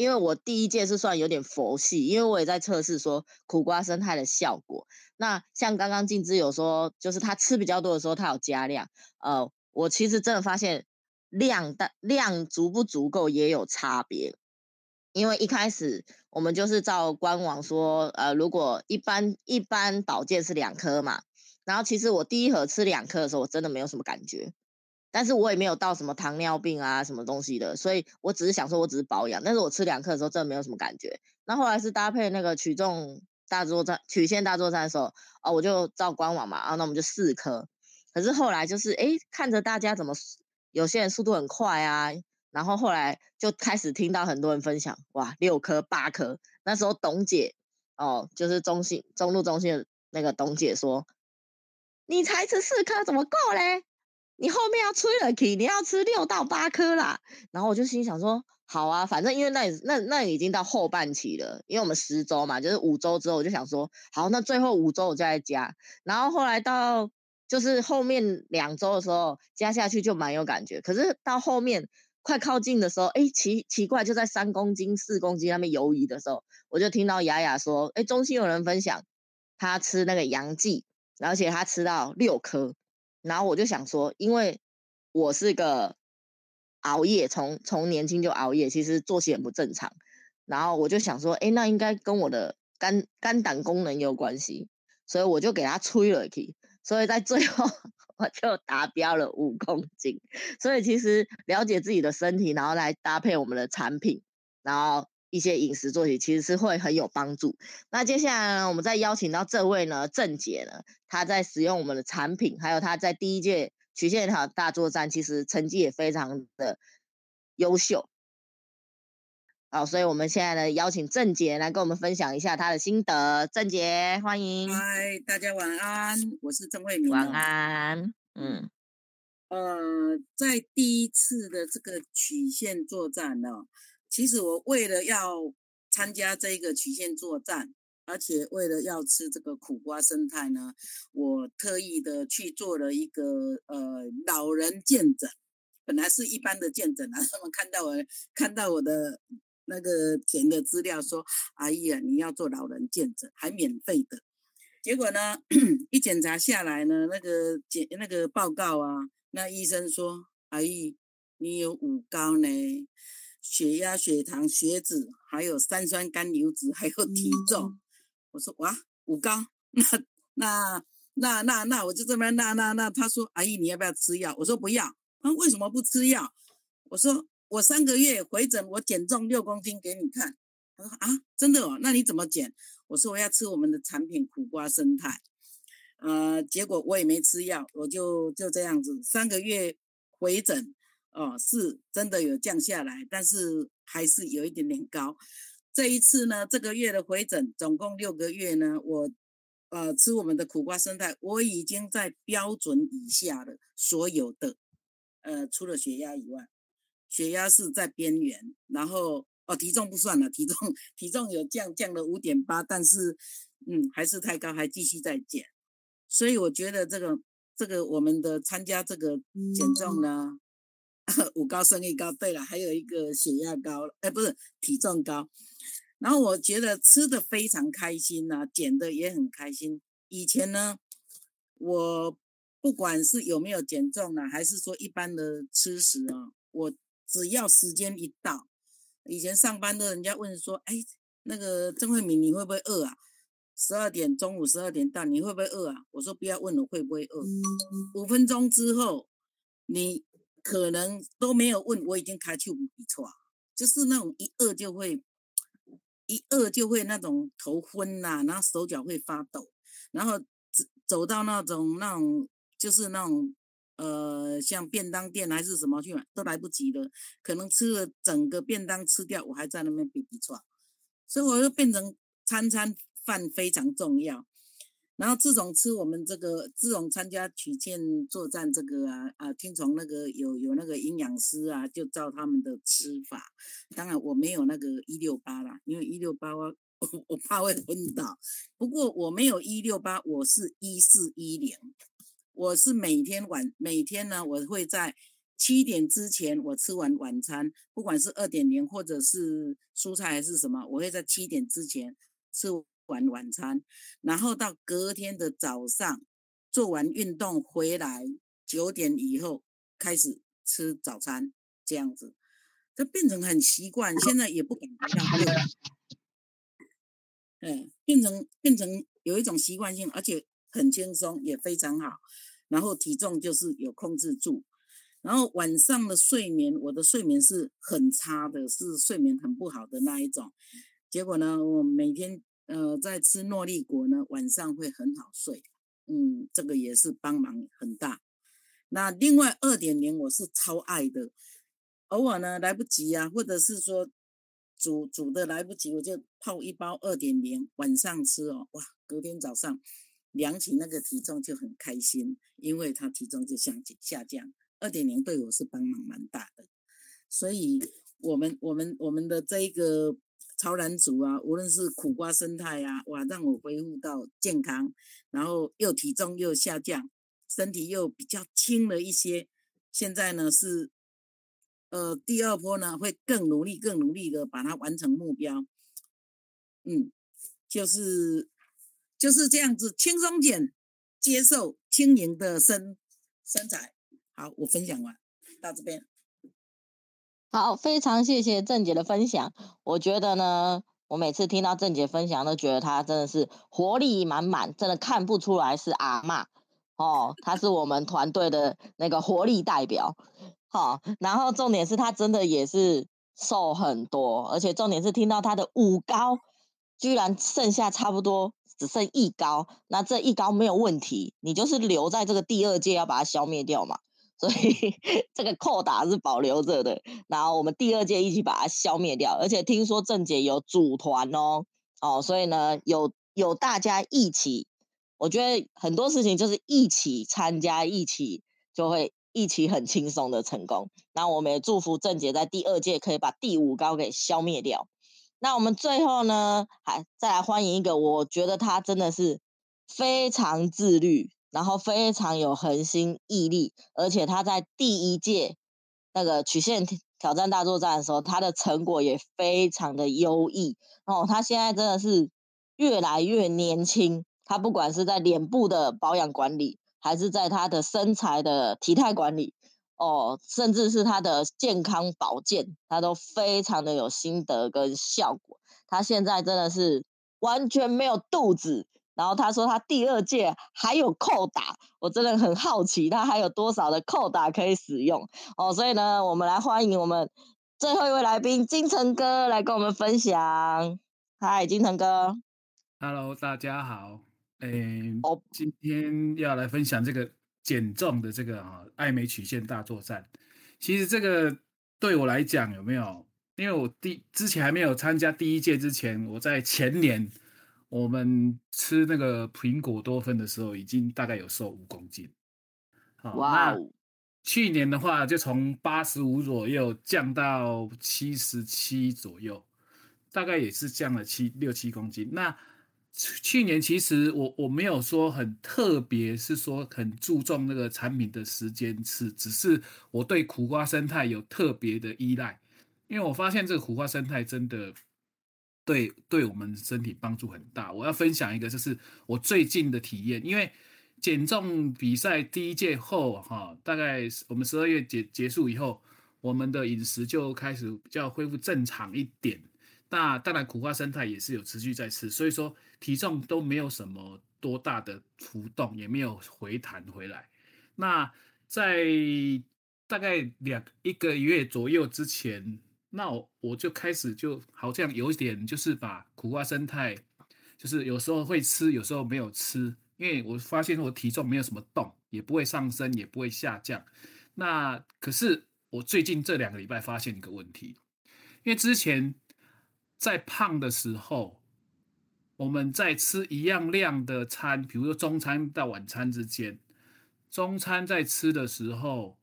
因為我第一屆是算有點佛系，因為我也在測試說苦瓜生態的效果。那像剛剛靜之有說，就是他吃比較多的時候，他有加量。呃，我其實真的發現量的量足不足夠也有差別。因為一開始我們就是照官網說，呃，如果一般一般保健是兩顆嘛，然後其實我第一盒吃兩顆的時候，我真的沒有什麼感覺。但是我也沒有到什麼糖尿病啊，什麼東西的，所以我只是想說，我只是保養。但是我吃兩顆的時候，真的沒有什麼感覺。那後來是搭配那個曲重大作戰、曲線大作戰的時候，哦，我就照官網嘛，然後、啊、那我們就四顆。可是後來就是，誒，看着大家怎麼，有些人速度很快啊，然後後來就開始聽到很多人分享，哇，六顆、八顆。那時候董姐，哦，就是中信中路中心的那個董姐說，你才吃四顆，怎麼夠嘞？你後面要吹了，你要吃六到八顆啦。然後我就心想說，好啊，反正因為那那那已經到後半期了，因為我們十周嘛，就是五周之後，我就想說，好，那最後五周我就再加。然後後來到就是後面兩周的時候，加下去就蠻有感覺。可是到後面快靠近的時候，哎，奇奇怪就在三公斤四公斤那邊游移的時候，我就聽到雅雅說，哎，中心有人分享，他吃那個洋薊，而且他吃到六顆。然後我就想說，因為我是個熬夜，從從年輕就熬夜，其實作息很不正常。然後我就想說，哎，那應該跟我的肝肝膽功能有關係，所以我就給它吹了一瓶。所以在最後我就達標了五公斤。所以其實了解自己的身體，然後來搭配我們的產品，然後。一些飲食作息其實是會很有幫助。那接下來呢，我們再邀請到這位呢鄭姐呢，她在使用我們的產品，還有她在第一屆曲線好大作戰，其實成績也非常的優秀。好，所以我們現在呢邀請鄭姐來跟我們分享一下她的心得。鄭姐，歡迎。嗨，大家晚安，我是鄭慧敏。晚安，嗯，呃，在第一次的這個曲線作戰呢、哦。其實我為了要參加這個曲線作戰，而且為了要吃這個苦瓜生態呢，我特意的去做了一個呃老人健診。本來是一般的健診啊，他們看到我看到我的那個填的資料說，說阿姨啊，你要做老人健診，還免費的。結果呢，一檢查下來呢，那個檢那個報告啊，那醫生說阿姨，你有五高呢。血壓、血糖、血脂，還有三酸甘油酯，還有體重。嗯、我說哇，五高，那那那那那我就這麼那邊那那，那。他說阿姨，你要不要吃藥？我說不要。他、啊、為什麼不吃藥？我說我三個月回診，我減重六公斤給你看。他說啊，真的哦？那你怎麼減？我說我要吃我們的產品苦瓜生態。呃，結果我也沒吃藥，我就就這樣子三個月回診。哦，是真的有降下來，但是還是有一點點高。這一次呢，這個月的回診，總共六個月呢，我，呃，吃我們的苦瓜生態，我已經在標準以下了。所有的，呃，除了血壓以外，血壓是在邊緣。然後，哦，體重不算了，體重體重有降，降了五點八，但是，嗯，還是太高，還繼續在減。所以我覺得這個這個我們的參加這個減重呢。嗯啊、五高，生理高，對了，還有一個血壓高，哎，不是體重高。然後我覺得吃的非常開心吶、啊，減的也很開心。以前呢，我不管是有沒有減重啊，還是說一般的吃食啊，我只要時間一到，以前上班的人家問說：“哎，那個鄭慧敏，你會不會餓啊？十二點中午十二點到，你會不會餓啊？”我說：“不要問我會不會餓。”五分鐘之後，你。可能都沒有問，我已經開去五鼻錯就是那種一餓就會，一餓就會那種頭昏吶、啊，然後手腳會發抖，然後走走到那種那種就是那種呃像便當店還是什麼去買，買都來不及了，可能吃了整個便當吃掉，我還在那邊比比錯，所以我就變成餐餐飯非常重要。然後自從吃我們這個，自從參加曲線作戰這個啊啊，聽從那個有有那個營養師啊，就照他們的吃法。當然我沒有那個一六八啦，因為一六八我我怕會昏倒。不過我沒有一六八，我是一四一零。我是每天晚每天呢，我會在七點之前我吃完晚餐，不管是二點零或者是蔬菜還是什麼，我會在七點之前吃。完晚餐，然後到隔天的早上做完運動回來，九點以後開始吃早餐，這樣子，這變成很習慣，現在也不感覺到餓了，嗯，變成變成有一種習慣性，而且很輕鬆，也非常好。然後體重就是有控制住，然後晚上的睡眠，我的睡眠是很差的，是睡眠很不好的那一種。結果呢，我每天。呃，在吃諾麗果呢，晚上會很好睡，嗯，這個也是幫忙很大。那另外二點零我是超愛的，偶爾呢來不及啊，或者是說煮煮的來不及，我就泡一包二點零晚上吃哦，哇，隔天早上量起那個體重就很開心，因為它體重就下降下降。二點零對我是幫忙蠻大的，所以我們我們我們的這一個。超燃組啊，無論是苦瓜生態啊，哇，讓我恢復到健康，然後又體重又下降，身體又比較輕了一些。現在呢是，呃，第二波呢會更努力、更努力的把它完成目標。嗯，就是就是這樣子輕鬆減，接受輕盈的身身材。好，我分享完，到這邊。好，非常謝謝鄭姐的分享。我覺得呢，我每次聽到鄭姐分享，都覺得她真的是活力滿滿，真的看不出來是阿嬤哦。她是我們團隊的那個活力代表。好、哦，然後重點是她真的也是瘦很多，而且重點是聽到她的五高居然剩下差不多只剩一高，那這一高沒有問題，你就是留在這個第二屆要把它消滅掉嘛。所以這個扣打是保留着的，然後我們第二屆一起把它消滅掉。而且聽說鄭姐有組團哦，哦，所以呢有有大家一起，我覺得很多事情就是一起參加，一起就會一起很輕鬆的成功。那我們也祝福鄭姐在第二屆可以把第五高給消滅掉。那我們最後呢，還再來歡迎一個，我覺得她真的是非常自律。然後非常有恆心毅力，而且他在第一屆那個曲線挑戰大作戰的時候，他的成果也非常的優異。哦，他現在真的是越來越年輕，他不管是在臉部的保養管理，還是在他的身材的體態管理，哦，甚至是他的健康保健，他都非常的有心得跟效果。他現在真的是完全沒有肚子。然後他說他第二屆還有扣打，我真的很好奇他還有多少的扣打可以使用哦，所以呢，我們來歡迎我們最後一位來賓金城哥來跟我們分享。嗨，金城哥。Hello，大家好。誒、欸，oh. 今天要來分享這個減重的這個哈、啊，愛美曲線大作戰。其實這個對我來講有沒有？因為我第之前還沒有參加第一屆之前，我在前年。我們吃那個蘋果多酚的時候，已經大概有瘦五公斤。哇、wow. 那去年的話，就從八十五左右降到七十七左右，大概也是降了七六七公斤。那去年其實我我沒有說很特別，是說很注重那個產品的時間吃，只是我對苦瓜生態有特別的依賴，因為我發現這個苦瓜生態真的。對，對我們身體幫助很大。我要分享一個，就是我最近的體驗。因為減重比賽第一屆後，哈，大概我們十二月結結束以後，我們的飲食就開始比較恢復正常一點。那當然，苦瓜生態也是有持續在吃，所以說體重都沒有什麼多大的浮動，也沒有回彈回來。那在大概兩一個月左右之前。那我我就開始，就好像有點就是把苦瓜生態，就是有時候會吃，有時候沒有吃，因為我發現我體重沒有什麼動，也不會上升，也不會下降。那可是我最近這兩個禮拜發現一個問題，因為之前在胖的時候，我們在吃一樣量的餐，比如說中餐到晚餐之間，中餐在吃的時候。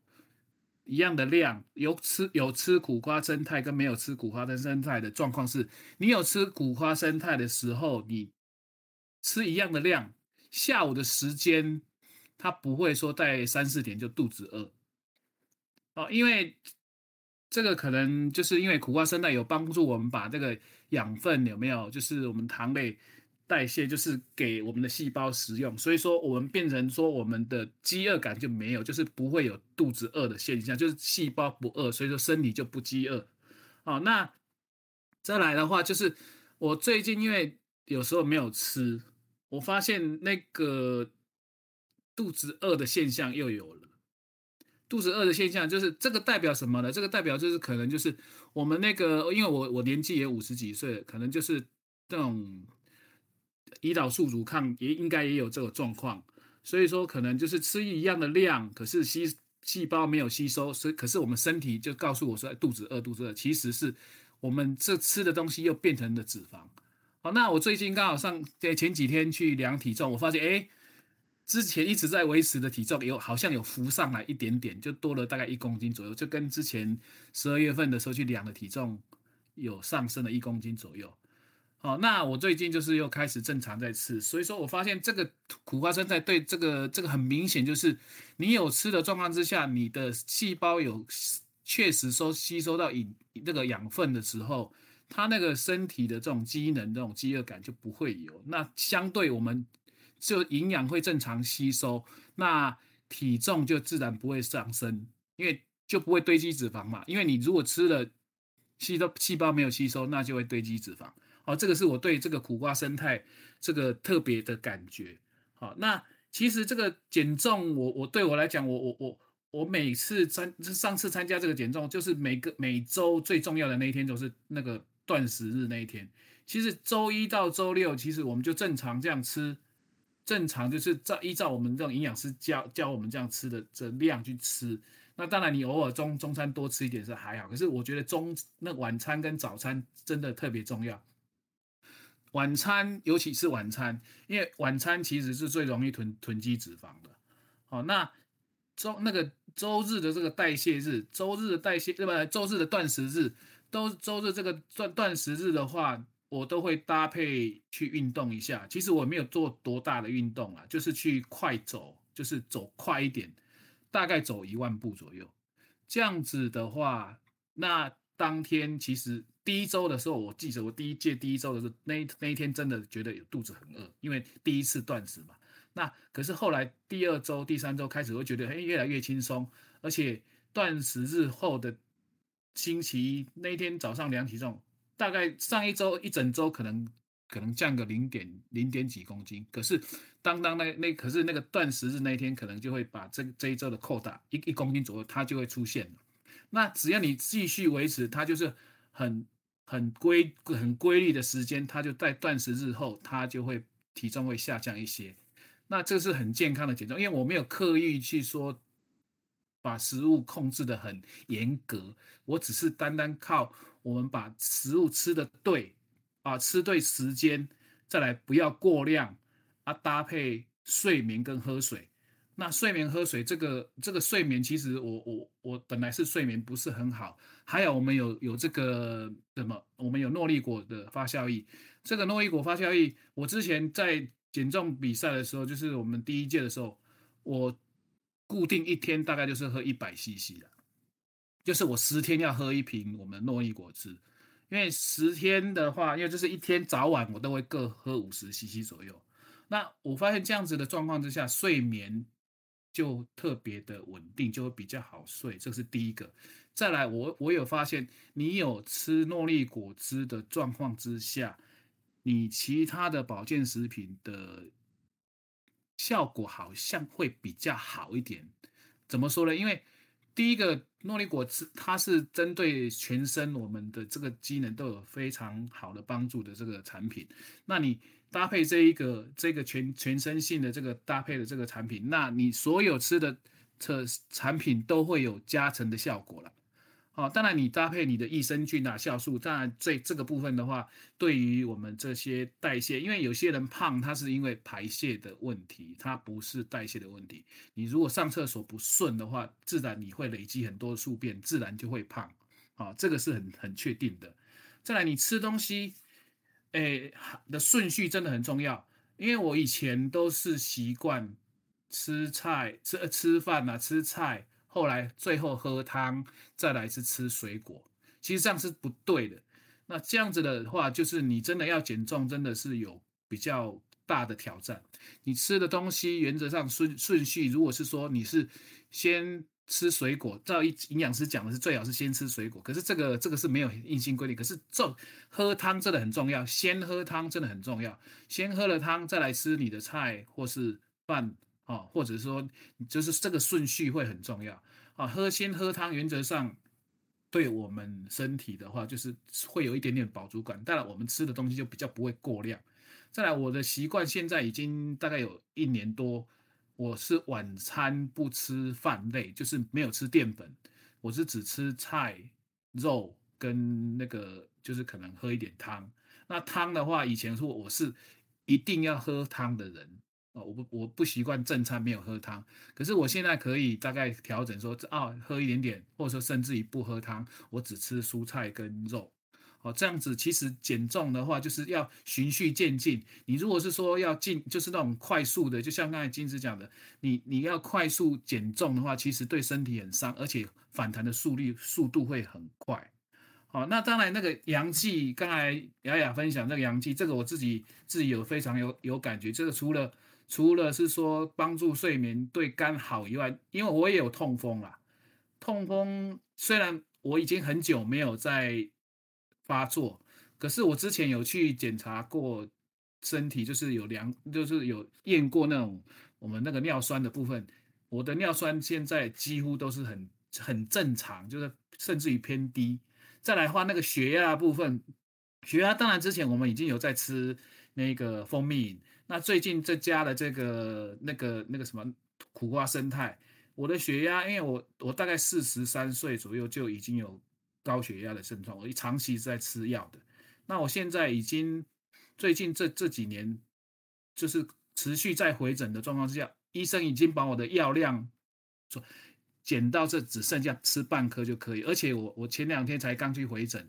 一樣的量，有吃有吃苦瓜生態跟沒有吃苦瓜生態的狀況是，你有吃苦瓜生態的時候，你吃一樣的量，下午的時間，它不會說在三四點就肚子餓，哦，因為這個可能就是因為苦瓜生態有幫助我們把這個養分有沒有，就是我們糖類。代謝就是給我們的細胞食用，所以說我們變成說我們的飢餓感就沒有，就是不會有肚子餓的現象，就是細胞不餓，所以說身體就不飢餓。好，那再來的話就是我最近因為有時候沒有吃，我發現那個肚子餓的現象又有了。肚子餓的現象就是這個代表什麼呢？這個代表就是可能就是我們那個，因為我我年紀也五十幾歲，可能就是這種。胰島素阻抗也應該也有這個狀況，所以說可能就是吃一樣的量，可是吸細，細胞沒有吸收，所以可是我們身體就告訴我說，哎，肚子餓，肚子餓。其實是我們這吃的東西又變成了脂肪。好，那我最近剛好上在前幾天去量體重，我發現哎，之前一直在維持的體重有好像有浮上來一點點，就多了大概一公斤左右，就跟之前十二月份的時候去量的體重有上升了一公斤左右。哦，那我最近就是又開始正常在吃，所以說我發現這個苦瓜生菜對這個這個很明顯就是，你有吃的狀況之下，你的細胞有確實說吸收到營，那、這個養分的時候，它那個身體的這種機能、這種飢餓感就不會有。那相對我們就營養會正常吸收，那體重就自然不會上升，因為就不會堆積脂肪嘛。因為你如果吃了細細，吸收細胞沒有吸收，那就會堆積脂肪。哦，這個是我對這個苦瓜生態這個特別的感覺。好，那其實這個減重我，我我對我來講，我我我我每次參上次參加這個減重，就是每個每週最重要的那一天就是那個斷食日那一天。其實週一到週六，其實我們就正常這樣吃，正常就是照依照我們這種營養師教教我們這樣吃的這量去吃。那當然你偶爾中中餐多吃一點是還好，可是我覺得中那晚餐跟早餐真的特別重要。晚餐，尤其是晚餐，因為晚餐其實是最容易囤囤積脂肪的。好，那周那個周日的這個代謝日，周日的代謝對不對？周日的斷食日，都周日這個斷斷食日的話，我都會搭配去運動一下。其實我沒有做多大的運動啊，就是去快走，就是走快一點，大概走一萬步左右。這樣子的話，那當天其實。第一週的時候，我記得我第一屆第一週的時候，那那一天真的覺得有肚子很餓，因為第一次斷食嘛。那可是後來第二週、第三週開始，會覺得哎越來越輕鬆，而且斷食日後的星期一那一天早上量體重，大概上一周一整周可能可能降個零點零點幾公斤，可是當當那那可是那個斷食日那一天，可能就會把這這一週的扣打，一一公斤左右，它就會出現了。那只要你繼續維持，它就是很。很規很規律的時間，它就在斷食日後，它就會體重會下降一些。那這是很健康的減重，因為我沒有刻意去說把食物控制得很嚴格，我只是單單靠我們把食物吃得對，啊，吃對時間，再來不要過量，啊，搭配睡眠跟喝水。那睡眠喝水，這個這個睡眠，其實我我我本來是睡眠不是很好，還有我們有有這個什麼，我們有諾麗果的發酵液。這個諾麗果發酵液，我之前在減重比賽的時候，就是我們第一屆的時候，我固定一天大概就是喝一百 CC 的，就是我十天要喝一瓶我們諾麗果汁，因為十天的話，因為就是一天早晚我都會各喝五十 CC 左右。那我發現這樣子的狀況之下，睡眠。就特別的穩定，就會比較好睡，這是第一個。再來，我我有發現，你有吃諾麗果汁的狀況之下，你其他的保健食品的效果好像會比較好一點。怎麼說呢？因為第一個諾麗果汁，它是針對全身我們的這個機能都有非常好的幫助的這個產品。那你。搭配這一個這個全全身性的這個搭配的這個產品，那你所有吃的這產品都會有加成的效果了。好、哦，當然你搭配你的益生菌啊、酵素，當然這這個部分的話，對於我們這些代謝，因為有些人胖，它是因為排泄的問題，它不是代謝的問題。你如果上廁所不順的話，自然你會累積很多宿便，自然就會胖。好、哦，這個是很很確定的。再來，你吃東西。哎，的順序真的很重要，因為我以前都是習慣吃菜吃呃吃飯呐、啊，吃菜，後來最後喝湯，再來是吃水果。其實這樣是不對的。那這樣子的話，就是你真的要減重，真的是有比較大的挑戰。你吃的東西原則上順順序，如果是說你是先吃水果，照一營養師講的是最好是先吃水果，可是這個這個是沒有硬性規定。可是這喝湯真的很重要，先喝湯真的很重要，先喝了湯再來吃你的菜或是飯啊，哦，或者說就是這個順序會很重要啊。喝先喝湯，原則上對我們身體的話，就是會有一點點飽足感，當然我們吃的東西就比較不會過量。再來，我的習慣現在已經大概有一年多，我是晚餐不吃飯類，就是沒有吃澱粉，我是只吃菜、肉跟那個，就是可能喝一點湯。那湯的話，以前說我是一定要喝湯的人啊，我不我不習慣正餐沒有喝湯。可是我現在可以大概調整說，哦、啊，喝一點點，或者說甚至於不喝湯，我只吃蔬菜跟肉。這樣子其實減重的話，就是要循序漸進。你如果是說要進，就是那種快速的，就像剛才金子講的，你你要快速減重的話，其實對身體很傷，而且反彈的速率速度會很快。好，那當然那個陽氣，剛才雅雅分享那個陽氣，這個我自己自己有非常有有感覺。這個除了除了是說幫助睡眠、對肝好以外，因為我也有痛風啦，痛風雖然我已經很久沒有在。發作，可是我之前有去檢查過身體，就是有量，就是有驗過那種我們那個尿酸的部分。我的尿酸現在幾乎都是很很正常，就是甚至於偏低。再來的話那個血壓的部分，血壓當然之前我們已經有在吃那個蜂蜜，那最近這家的這個那個那個什麼苦瓜生態。我的血壓，因為我我大概四十三歲左右就已經有，高血壓的症狀，我一長期在吃藥的。那我現在已經最近這這幾年，就是持續在回診的狀況之下，醫生已經把我的藥量減到這只剩下吃半顆就可以。而且我我前兩天才剛去回診，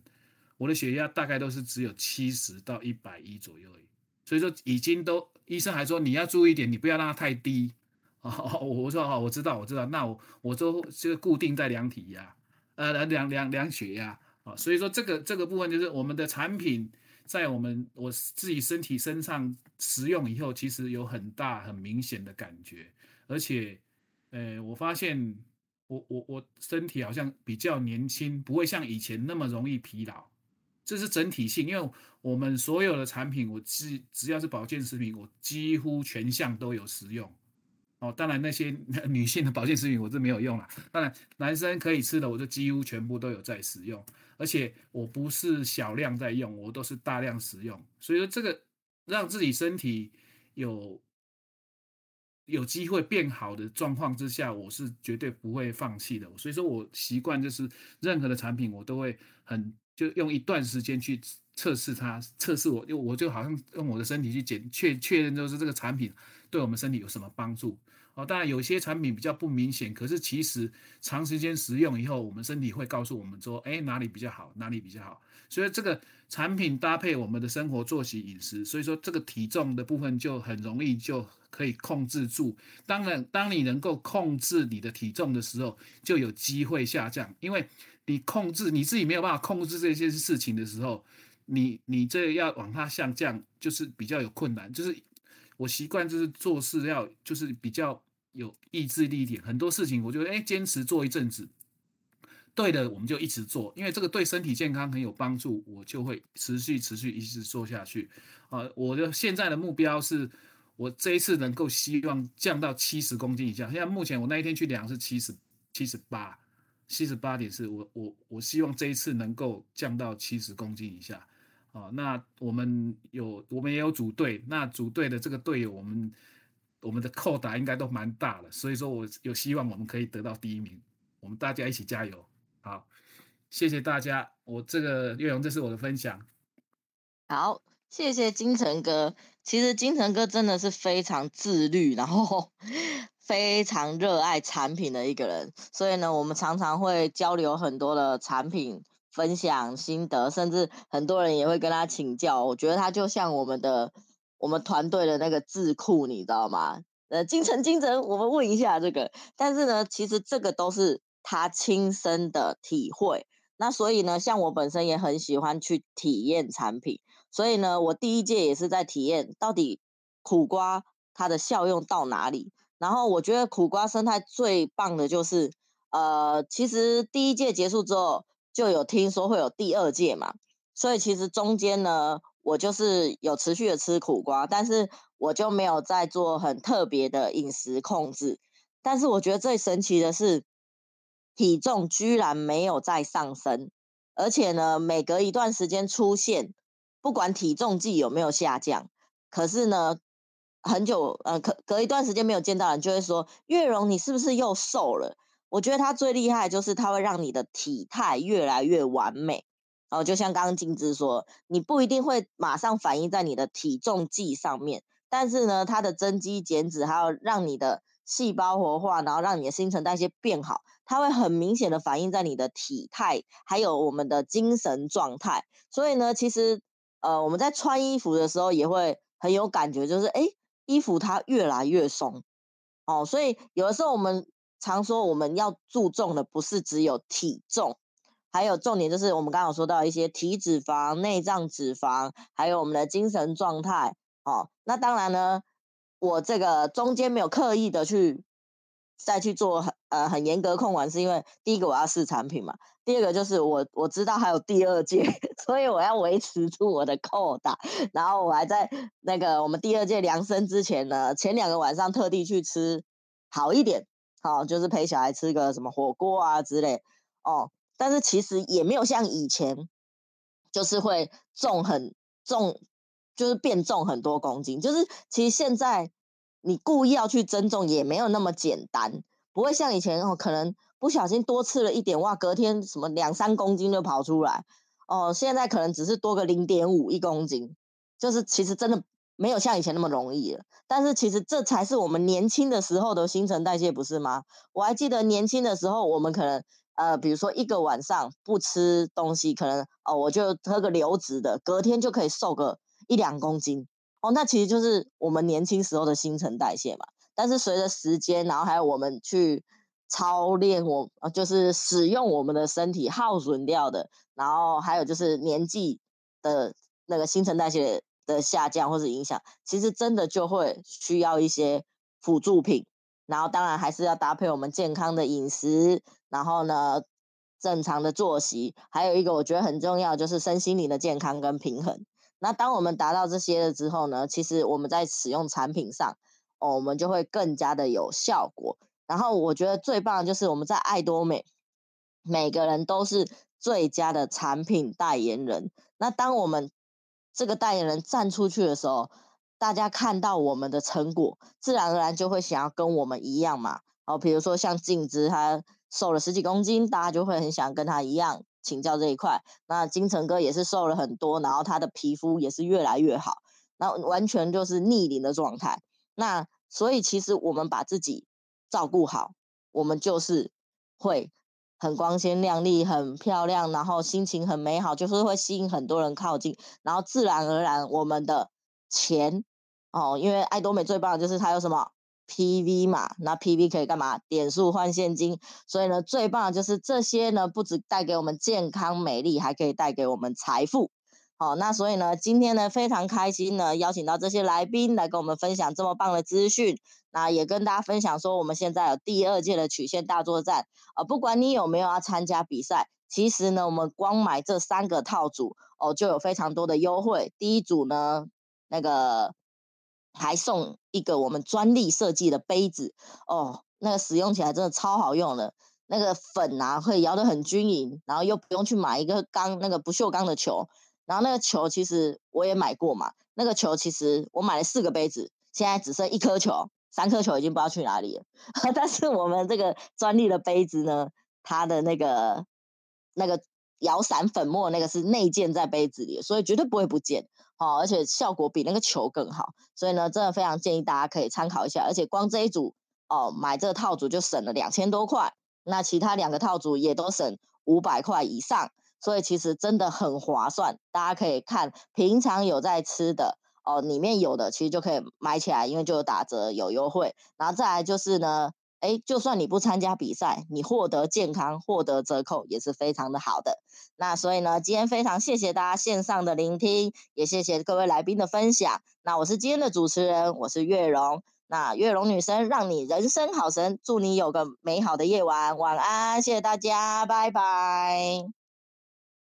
我的血壓大概都是只有七十到一百一左右而已。所以說已經都，醫生還說，你要注意一點，你不要讓它太低。哦，我說好，哦，我知道，我知道。那我我都這個固定在量體壓。呃，量量量血壓啊，哦，所以說這個這個部分就是我們的產品在我們我自己身體身上使用以後，其實有很大很明顯的感覺，而且，呃，我發現我我我身體好像比較年輕，不會像以前那麼容易疲勞，這是整體性，因為我們所有的產品，我只只要是保健食品，我幾乎全項都有使用。哦，當然那些女性的保健食品我是沒有用啦。當然，男生可以吃的，我就幾乎全部都有在使用，而且我不是少量在用，我都是大量使用。所以說，這個讓自己身體有有機會變好的狀況之下，我是絕對不會放棄的。所以說我習慣就是任何的產品，我都會很就用一段時間去測試它，測試我，就我就好像用我的身體去檢確確認，就是這個產品。對我們身體有什麼幫助？哦，當然有些產品比較不明顯，可是其實長時間食用以後，我們身體會告訴我們說，誒，哪裡比較好，哪裡比較好。所以這個產品搭配我們的生活作息、飲食，所以說這個體重的部分就很容易就可以控制住。當然，當你能夠控制你的體重的時候，就有機會下降。因為你控制你自己沒有辦法控制這些事情的時候，你你這要往它下降就是比較有困難，就是。我習慣就是做事要就是比較有意志力一點，很多事情我覺得，哎，堅持做一陣子，對的我們就一直做，因為這個對身體健康很有幫助，我就會持續持續一直做下去。啊，我的現在的目標是，我這一次能夠希望降到七十公斤以下。現在目前我那一天去量是七十七十八，七十八點四，我我我希望這一次能夠降到七十公斤以下。哦，那我們有，我們也有組隊。那組隊的這個隊友，我們我們的扣打應該都蠻大的，所以說，我有希望我們可以得到第一名。我們大家一起加油！好，謝謝大家。我這個岳勇，這是我的分享。好，謝謝金城哥。其實金城哥真的是非常自律，然後非常熱愛產品的一個人。所以呢，我們常常會交流很多的產品。分享心得，甚至很多人也會跟他請教。我覺得他就像我們的我們團隊的那個智庫，你知道嗎？呃，金城金城，我們問一下這個。但是呢，其實這個都是他親身的體會。那所以呢，像我本身也很喜歡去體驗產品。所以呢，我第一屆也是在體驗到底苦瓜它的效用到哪裡。然後我覺得苦瓜生態最棒的就是，呃，其實第一屆結束之後，就有聽說會有第二屆嘛，所以其實中間呢，我就是有持續的吃苦瓜，但是我就沒有再做很特別的飲食控制。但是我覺得最神奇的是，體重居然沒有再上升，而且呢，每隔一段時間出現，不管體重計有沒有下降，可是呢，很久呃，隔隔一段時間沒有見到人，就會說，月容，你是不是又瘦了？我覺得它最厲害的就是它會讓你的體態越來越完美哦，就像剛剛金枝說，你不一定會馬上反映在你的體重計上面，但是呢，它的增肌減脂還有讓你的細胞活化，然後讓你的新陳代謝變好，它會很明顯的反映在你的體態，還有我們的精神狀態。所以呢，其實呃，我們在穿衣服的時候也會很有感覺，就是哎、欸，衣服它越來越鬆哦，所以有的時候我們。常說我們要注重的不是只有體重，還有重點就是我們剛剛有說到一些體脂肪、內臟脂肪，還有我們的精神狀態。哦，那當然呢，我這個中間沒有刻意的去再去做很呃很嚴格控管，是因為第一個我要試產品嘛，第二個就是我我知道還有第二屆，所以我要維持住我的扣打。然後我還在那個我們第二屆量身之前呢，前兩個晚上特地去吃好一點。好，哦，就是陪小孩吃個什麼火鍋啊之類，哦，但是其實也沒有像以前，就是會重很重，就是變重很多公斤。就是其實現在你故意要去增重，也沒有那麼簡單，不會像以前哦，可能不小心多吃了一點，哇，隔天什麼兩三公斤就跑出來，哦，現在可能只是多個零點五一公斤，就是其實真的。沒有像以前那麼容易了，但是其實這才是我們年輕的時候的新陳代謝，不是嗎？我還記得年輕的時候，我們可能呃，比如說一個晚上不吃東西，可能哦，我就喝個流質的，隔天就可以瘦個一兩公斤哦。那其實就是我們年輕時候的新陳代謝嘛。但是隨着時間，然後還有我們去操練我，就是使用我們的身體耗損掉的，然後還有就是年紀的那個新陳代謝的下降或是影響，其實真的就會需要一些輔助品，然後當然還是要搭配我們健康的飲食，然後呢，正常的作息，還有一個我覺得很重要就是，身心靈的健康跟平衡。那當我們達到這些了之後呢，其實我們在使用產品上，哦，我們就會更加的有效果。然後我覺得最棒就是我們在艾多美，每個人都是最佳的產品代言人。那當我們這個代言人站出去的時候，大家看到我們的成果，自然而然就會想要跟我們一樣嘛。然、哦、後比如說像靜芝，他瘦了十幾公斤，大家就會很想跟他一樣請教這一塊。那金城哥也是瘦了很多，然後他的皮膚也是越來越好，那完全就是逆齡的狀態。那所以其實我們把自己照顧好，我們就是會。很光鮮亮麗，很漂亮，然後心情很美好，就是會吸引很多人靠近，然後自然而然，我們的錢哦，因為艾多美最棒的就是它有什麼 PV 嘛，那 PV 可以幹嘛？點數換現金，所以呢，最棒的就是這些呢，不只帶給我們健康美麗，還可以帶給我們財富。好、哦，那所以呢，今天呢非常開心呢，邀請到這些來賓來跟我們分享這麼棒的資訊。那也跟大家分享說，我們現在有第二屆的曲線大作戰啊、哦，不管你有沒有要參加比賽，其實呢，我們光買這三個套組哦，就有非常多的優惠。第一組呢，那個還送一個我們專利設計的杯子哦，那個使用起來真的超好用的，那個粉啊會搖得很均勻，然後又不用去買一個鋼那個不鏽鋼的球。然後那個球其實我也買過嘛，那個球其實我買了四個杯子，現在只剩一顆球，三顆球已經不知道去哪裡了。 但是我們這個專利的杯子呢，它的那個那個搖散粉末那個是內建在杯子裡，所以絕對不會不見哦。而且效果比那個球更好，所以呢，真的非常建議大家可以參考一下。而且光這一組哦，買這個套組就省了兩千多塊，那其他兩個套組也都省五百塊以上。所以其實真的很划算，大家可以看平常有在吃的哦，裡面有的其實就可以買起來，因為就有打折有優惠。然後再來就是呢，哎、欸，就算你不參加比賽，你獲得健康、獲得折扣也是非常的好的。那所以呢，今天非常謝謝大家線上的聆聽，也謝謝各位來賓的分享。那我是今天的主持人，我是月容。那月容女生，讓你人生好神，祝你有個美好的夜晚，晚安，謝謝大家，拜拜。